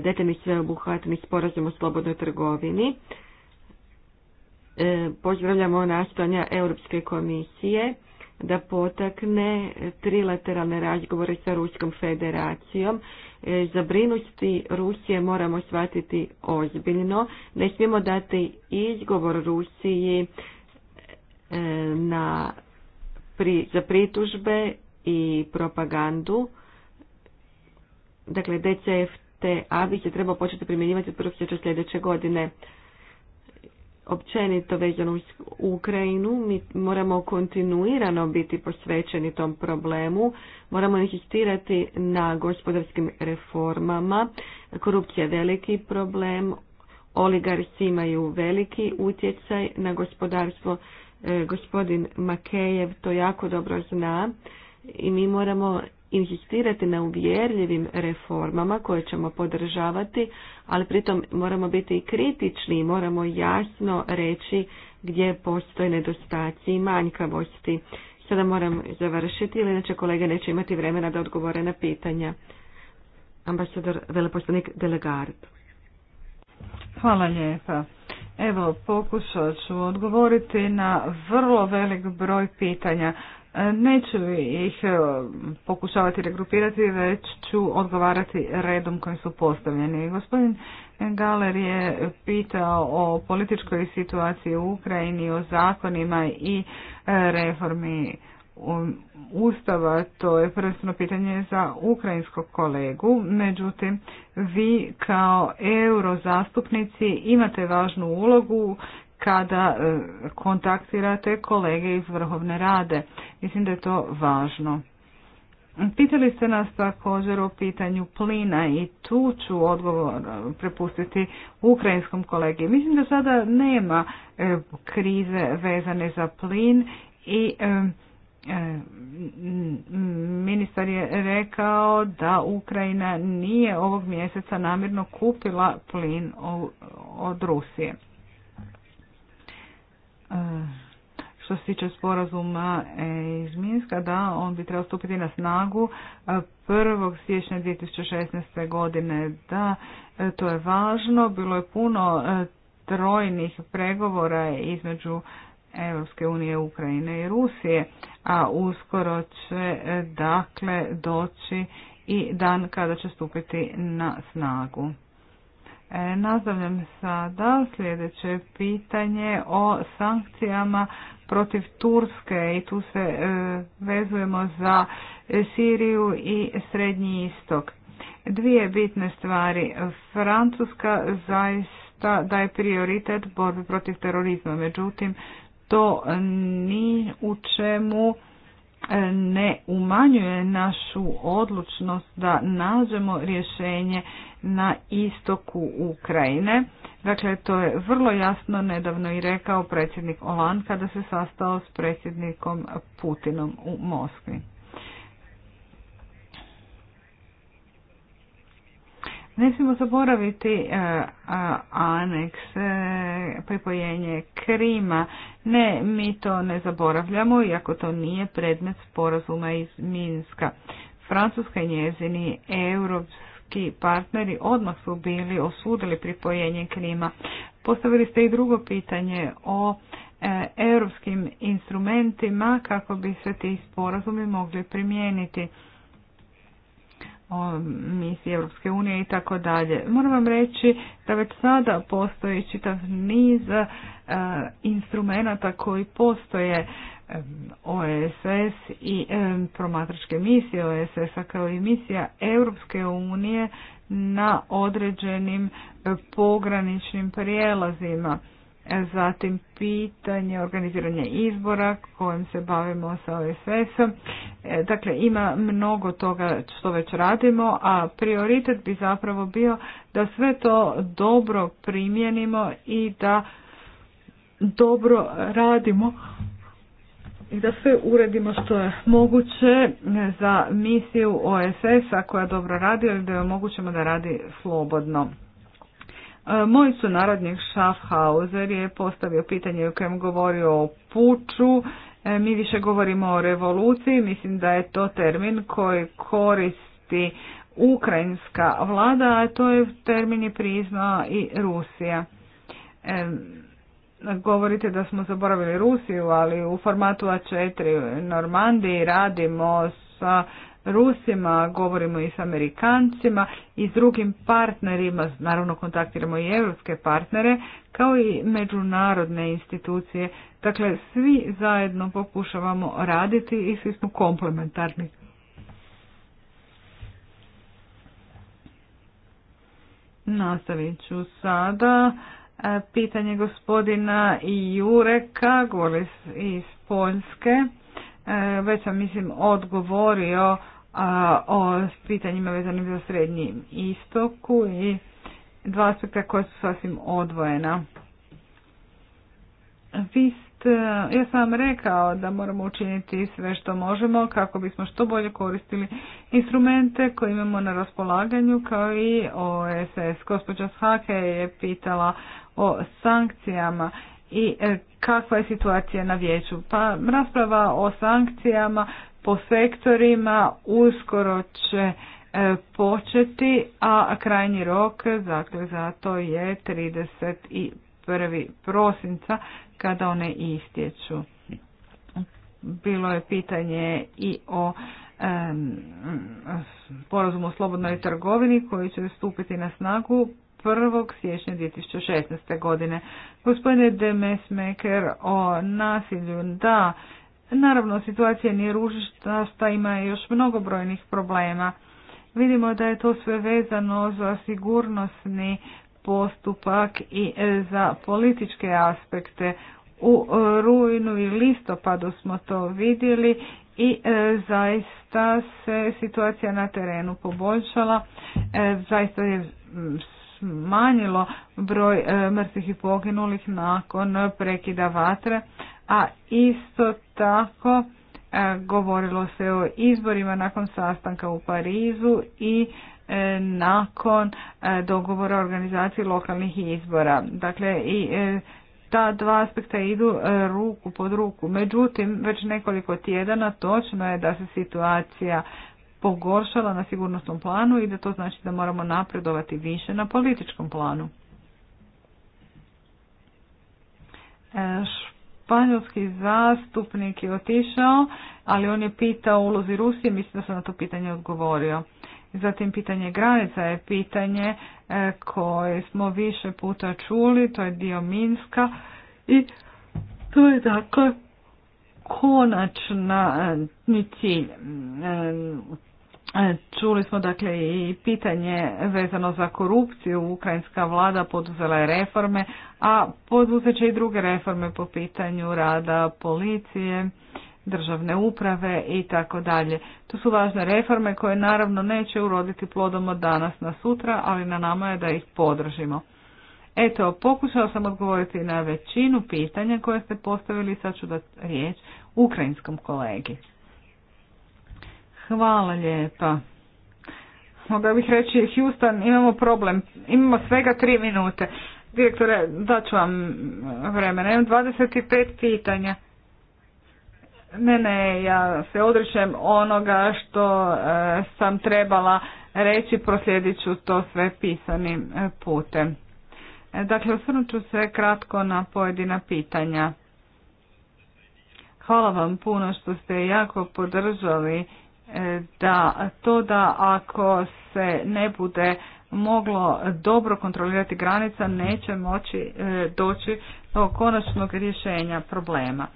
detaljni sveobuhvatni sporazum o slobodnoj trgovini. E, pozdravljamo nastojanja Europske komisije da potakne trilateralne razgovore sa Ruskom federacijom. E, zabrinuti Rusije moramo shvatiti ozbiljno. Ne smijemo dati izgovor Rusiji e, na, pri, za pritužbe i propagandu. Dakle, DCFTA bi se trebao početi primjenjivati od 1. sljedeće godine općenito vezano uz Ukrajinu, mi moramo kontinuirano biti posvećeni tom problemu, moramo insistirati na gospodarskim reformama, korupcija je veliki problem, oligarci imaju veliki utjecaj na gospodarstvo, e, gospodin Makejev to jako dobro zna i mi moramo inzistirati na uvjerljivim reformama koje ćemo podržavati, ali pritom moramo biti i kritični i moramo jasno reći gdje postoje nedostaci i manjkavosti. Sada moram završiti, ili inače kolege neće imati vremena da odgovore na pitanja. Ambasador, veleposlanik Delegard. Hvala lijepa. Evo, pokušat ću odgovoriti na vrlo velik broj pitanja. Neću ih e, pokušavati regrupirati, već ću odgovarati redom koji su postavljeni. Gospodin Galer je pitao o političkoj situaciji u Ukrajini, o zakonima i e, reformi Ustava. To je prvenstveno pitanje za ukrajinskog kolegu. Međutim, vi kao eurozastupnici imate važnu ulogu kada e, kontaktirate kolege iz Vrhovne rade. Mislim da je to važno. Pitali ste nas također o pitanju plina i tu ću odgovor e, prepustiti ukrajinskom kolegi. Mislim da sada nema e, krize vezane za plin i ministar je rekao da Ukrajina nije ovog mjeseca namjerno kupila plin od Rusije. Eh, što se tiče sporazuma eh, iz Minska, da, on bi trebao stupiti na snagu 1. Eh, siječnja 2016. godine. Da, to je važno. Bilo je puno trojnih pregovora između Europske unije, Ukrajine i Rusije, a uskoro će dakle doći i dan kada će stupiti na snagu. E, Nazavljam sada sljedeće pitanje o sankcijama protiv Turske i tu se e, vezujemo za Siriju i Srednji istok. Dvije bitne stvari. Francuska zaista daje prioritet borbi protiv terorizma, međutim to ni u čemu E, ne umanjuje našu odlučnost da nađemo rješenje na istoku Ukrajine. Dakle, to je vrlo jasno nedavno i rekao predsjednik Olan kada se sastao s predsjednikom Putinom u Moskvi. Ne smijemo zaboraviti e, aneks, e, pripojenje Krima. Ne, mi to ne zaboravljamo, iako to nije predmet sporazuma iz Minska. Francuska i njezini europski partneri odmah su bili osudili pripojenje Krima. Postavili ste i drugo pitanje o e, europskim instrumentima kako bi se ti sporazumi mogli primijeniti misije Europske unije i tako dalje. Moram vam reći da već sada postoji čitav niz e, instrumenta koji postoje e, OSS i e, promatračke misije OSS-a kao i misija Europske unije na određenim pograničnim prijelazima zatim pitanje organiziranja izbora kojim se bavimo sa OSS-om. E, dakle, ima mnogo toga što već radimo, a prioritet bi zapravo bio da sve to dobro primjenimo i da dobro radimo i da sve uredimo što je moguće za misiju OSS-a koja dobro radi, ali da je omogućemo da radi slobodno. E, moj sunarodnik Schaffhauser je postavio pitanje u kojem govorio o puču. E, mi više govorimo o revoluciji, mislim da je to termin koji koristi ukrajinska vlada, a to je termin je priznao i Rusija. E, govorite da smo zaboravili Rusiju, ali u formatu A4 Normandiji radimo sa Rusima, govorimo i s Amerikancima i s drugim partnerima, naravno kontaktiramo i evropske partnere, kao i međunarodne institucije. Dakle, svi zajedno pokušavamo raditi i svi smo komplementarni. Nastavit ću sada. E, pitanje gospodina Jureka, govorili iz Poljske. E, već sam, mislim, odgovorio a, o pitanjima vezanim za srednji istoku i dva aspekta koja su sasvim odvojena. Vi ja sam rekao da moramo učiniti sve što možemo kako bismo što bolje koristili instrumente koje imamo na raspolaganju kao i OSS. Gospođa Shake je pitala o sankcijama i e, kakva je situacija na vijeću. Pa rasprava o sankcijama po sektorima uskoro će e, početi, a krajnji rok dakle, za to je 31. prosinca kada one istječu. Bilo je pitanje i o porazumu o slobodnoj trgovini koji će stupiti na snagu 1. siječnja 2016. godine. Gospodine Demesmeker o nasilju, da, Naravno, situacija nije šta ima još mnogo brojnih problema. Vidimo da je to sve vezano za sigurnosni postupak i za političke aspekte. U e, rujnu i listopadu smo to vidjeli i e, zaista se situacija na terenu poboljšala. E, zaista je smanjilo broj mrtvih i poginulih nakon prekida vatre, a isto tako e, govorilo se o izborima nakon sastanka u Parizu i e, nakon e, dogovora o organizaciji lokalnih izbora. Dakle, i ta dva aspekta idu ruku pod ruku. Međutim, već nekoliko tjedana točno je da se situacija pogoršala na sigurnosnom planu i da to znači da moramo napredovati više na političkom planu španjolski zastupnik je otišao, ali on je pitao o ulozi Rusije, mislim da sam na to pitanje odgovorio. Zatim pitanje granica je pitanje e, koje smo više puta čuli, to je dio Minska i to je dakle konačna e, ni cilj. E, E, čuli smo dakle i pitanje vezano za korupciju. Ukrajinska vlada poduzela je reforme, a poduzet će i druge reforme po pitanju rada policije, državne uprave i tako dalje. To su važne reforme koje naravno neće uroditi plodom od danas na sutra, ali na nama je da ih podržimo. Eto, pokušao sam odgovoriti na većinu pitanja koje ste postavili, sad ću da riječ ukrajinskom kolegi. Hvala lijepa. Mogu bih reći, Houston, imamo problem. Imamo svega tri minute. Direktore, daću vam vremena. Imam 25 pitanja. Ne, ne, ja se odričem onoga što e, sam trebala reći, proslijedit ću to sve pisanim e, putem. E, dakle, osvrnut ću se kratko na pojedina pitanja. Hvala vam puno što ste jako podržali da to da ako se ne bude moglo dobro kontrolirati granica neće moći e, doći do konačnog rješenja problema.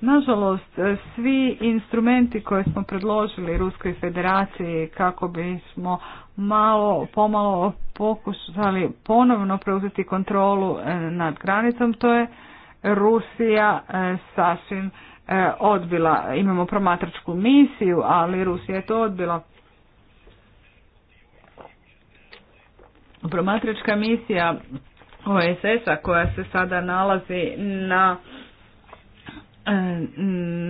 Nažalost, svi instrumenti koje smo predložili Ruskoj federaciji kako bismo malo pomalo pokušali ponovno preuzeti kontrolu e, nad granicom, to je Rusija e, sasvim E, odbila. Imamo promatračku misiju, ali Rusija je to odbila. Promatračka misija OSS-a koja se sada nalazi na e,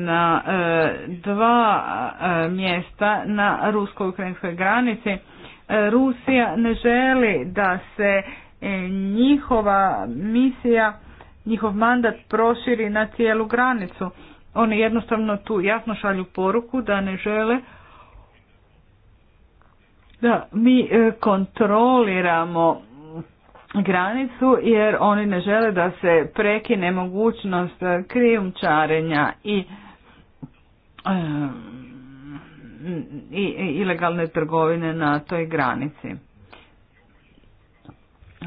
na e, dva mjesta na rusko-ukrajinskoj granici. Rusija ne želi da se njihova misija, njihov mandat proširi na cijelu granicu. Oni jednostavno tu jasno šalju poruku da ne žele da mi e, kontroliramo granicu jer oni ne žele da se prekine mogućnost e, krijumčarenja e, i, i ilegalne trgovine na toj granici.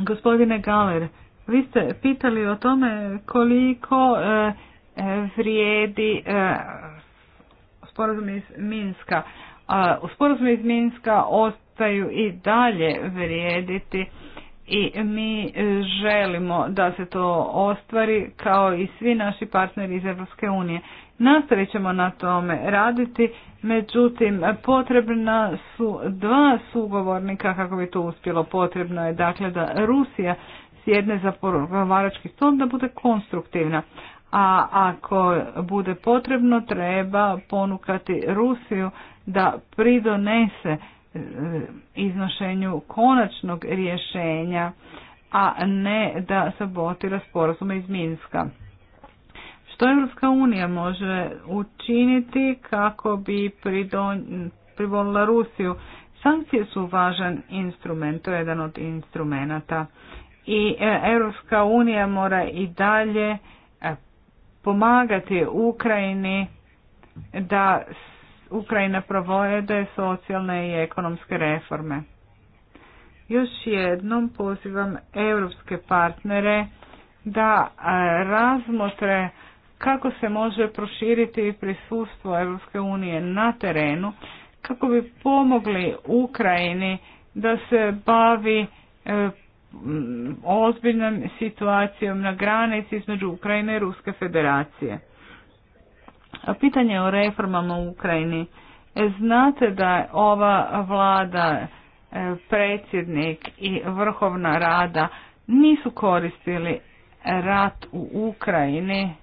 Gospodine Galer, vi ste pitali o tome koliko vrijedi e, sporazum iz Minska. A sporazum iz Minska ostaju i dalje vrijediti i mi e, želimo da se to ostvari kao i svi naši partneri iz Evropske unije. Nastavit ćemo na tome raditi, međutim potrebna su dva sugovornika kako bi to uspjelo. Potrebno je dakle da Rusija sjedne za porovarački stol da bude konstruktivna, a ako bude potrebno treba ponukati Rusiju da pridonese e, iznošenju konačnog rješenja, a ne da sabotira sporazume iz Minska. Što Europska unija može učiniti kako bi privolila Rusiju? Sankcije su važan instrument, to je jedan od instrumenata. I e, Europska unija mora i dalje pomagati Ukrajini da Ukrajina provode socijalne i ekonomske reforme. Još jednom pozivam europske partnere da razmotre kako se može proširiti prisustvo Europske unije na terenu kako bi pomogli Ukrajini da se bavi e, Mm, ozbiljnom situacijom na granici između Ukrajine i Ruske federacije. A pitanje o reformama u Ukrajini. E, znate da je ova vlada, e, predsjednik i vrhovna rada nisu koristili rat u Ukrajini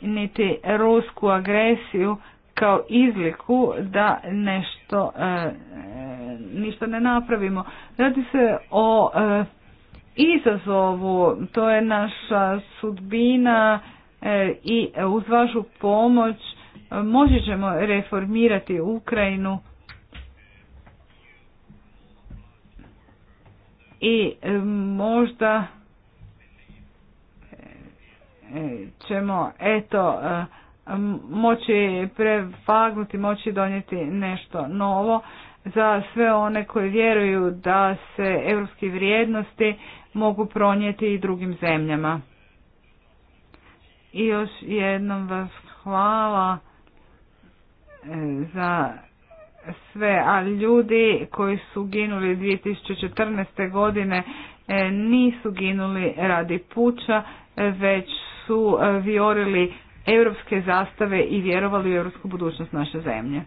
niti rusku agresiju kao izliku da nešto e, ništa ne napravimo. Radi se o izazovu, to je naša sudbina e, i uz vašu pomoć e, moći ćemo reformirati Ukrajinu i e, možda ćemo eto moći prevagnuti, moći donijeti nešto novo za sve one koji vjeruju da se europske vrijednosti mogu pronijeti i drugim zemljama. I još jednom vas hvala e, za sve, a ljudi koji su ginuli 2014. godine e, nisu ginuli radi puća, već su e, vjorili europske zastave i vjerovali u europsku budućnost naše zemlje.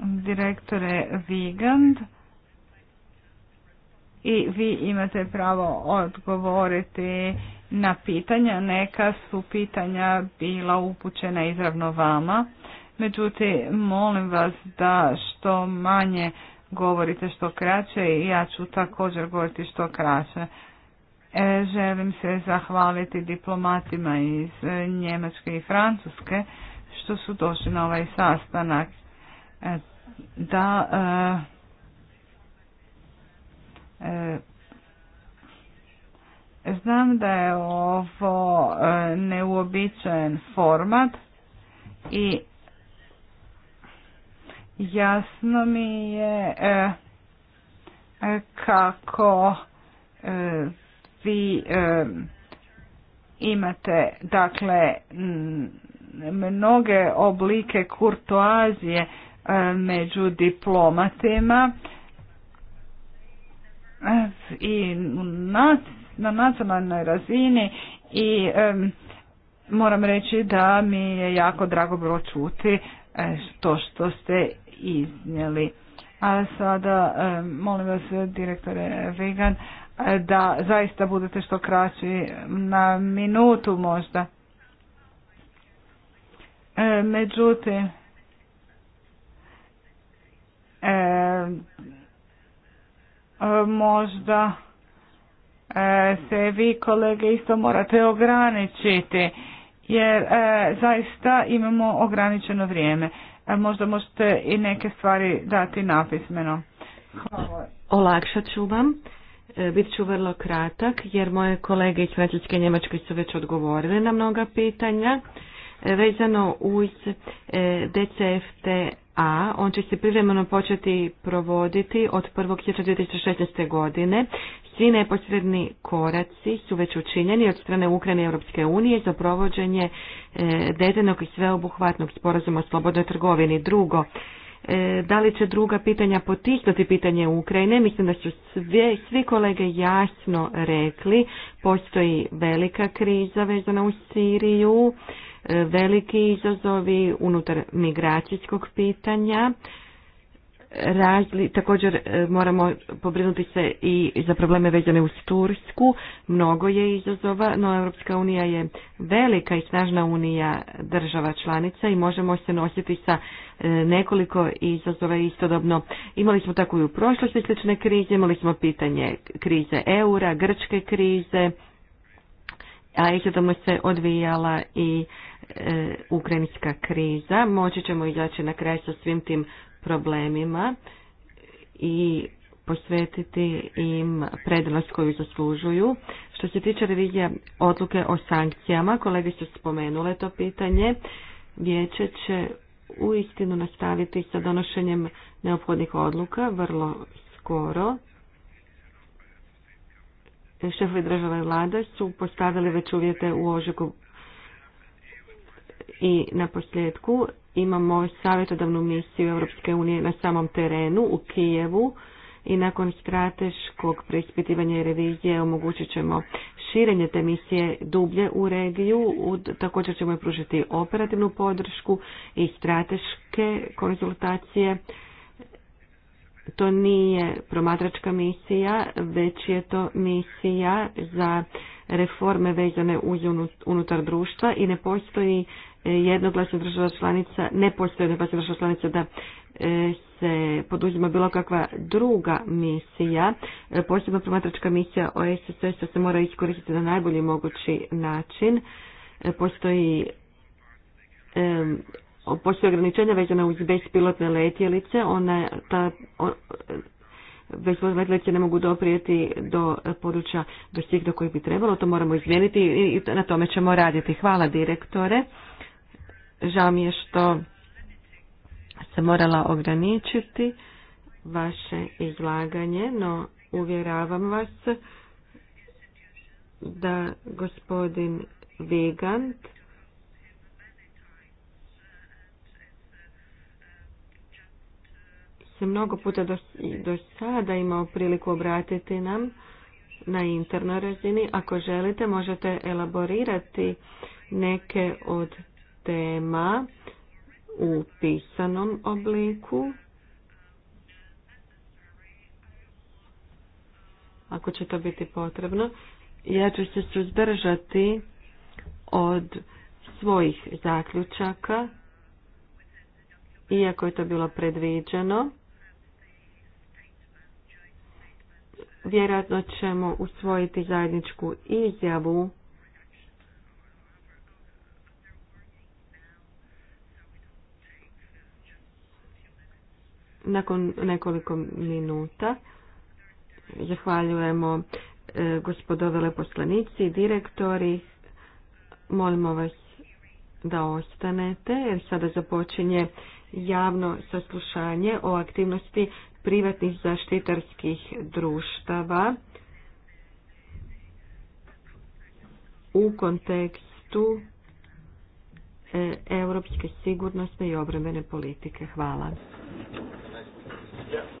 direktore Vigand i vi imate pravo odgovoriti na pitanja. Neka su pitanja bila upućena izravno vama. Međutim, molim vas da što manje govorite što kraće i ja ću također govoriti što kraće. E, želim se zahvaliti diplomatima iz Njemačke i Francuske što su došli na ovaj sastanak. E, da e, e, Znam da je ovo neuobičajen format i jasno mi je kako vi imate dakle mnoge oblike kurtoazije E, među diplomatima e, i na nacionalnoj razini i e, moram reći da mi je jako drago bilo čuti to što ste iznijeli. A sada molim vas direktore Vegan da zaista budete što kraći na minutu možda. Međutim, E, e, možda e, se vi kolege isto morate ograničiti jer zaista imamo ograničeno vrijeme. Možda možete i neke stvari dati napismeno. Hvala. Olakšat ću vam. Bit ću vrlo kratak jer moje kolege iz Francuske i Njemačke su već odgovorili na mnoga pitanja vezano uz DCFT a on će se privremeno početi provoditi od 1. siječnja 2016. godine. Svi neposredni koraci su već učinjeni od strane Ukrajine i Europske unije za provođenje e, detaljnog i sveobuhvatnog sporazuma o slobodnoj trgovini. Drugo, e, da li će druga pitanja potisnuti pitanje Ukrajine? Mislim da su svi kolege jasno rekli, postoji velika kriza vezana u Siriju, veliki izazovi unutar migracijskog pitanja. Razli, također e, moramo pobrinuti se i za probleme vezane uz Tursku. Mnogo je izazova, no Europska unija je velika i snažna unija država članica i možemo se nositi sa e, nekoliko izazova istodobno. Imali smo tako i u prošlosti slične krize, imali smo pitanje krize eura, grčke krize, a istodobno se odvijala i E, ukrajinska kriza. Moći ćemo izaći na kraj sa svim tim problemima i posvetiti im prednost koju zaslužuju. Što se tiče revizija odluke o sankcijama, kolege su spomenule to pitanje, vijeće će istinu nastaviti sa donošenjem neophodnih odluka vrlo skoro. Šefovi države i vlade su postavili već uvjete u ožegu i na posljedku imamo savjetodavnu misiju Europske unije na samom terenu u Kijevu i nakon strateškog preispitivanja i revizije omogućit ćemo širenje te misije dublje u regiju, također ćemo pružiti operativnu podršku i strateške konzultacije. To nije promatračka misija, već je to misija za reforme vezane uz unutar društva i ne postoji E, jednoglasno država članica, ne postoji jednoglasno država članica da e, se poduzima bilo kakva druga misija. E, posebno promatračka misija osss se mora iskoristiti na najbolji mogući način. Postoji postoje ograničenja vezana uz bespilotne letjelice, ona ta, bespilotne letjelice ne mogu doprijeti do područja do svih do kojih bi trebalo, to moramo izmijeniti i na tome ćemo raditi. Hvala direktore. Žao mi je što se morala ograničiti vaše izlaganje, no uvjeravam vas da gospodin Vigand se mnogo puta do, do sada imao priliku obratiti nam na internoj razini. Ako želite, možete elaborirati neke od tema u pisanom obliku. Ako će to biti potrebno, ja ću se suzdržati od svojih zaključaka, iako je to bilo predviđeno. Vjerojatno ćemo usvojiti zajedničku izjavu Nakon nekoliko minuta zahvaljujemo e, gospodo veleposlanici, direktori. Molimo vas da ostanete jer sada započinje javno saslušanje o aktivnosti privatnih zaštitarskih društava u kontekstu e, europske sigurnosne i obrambene politike. Hvala.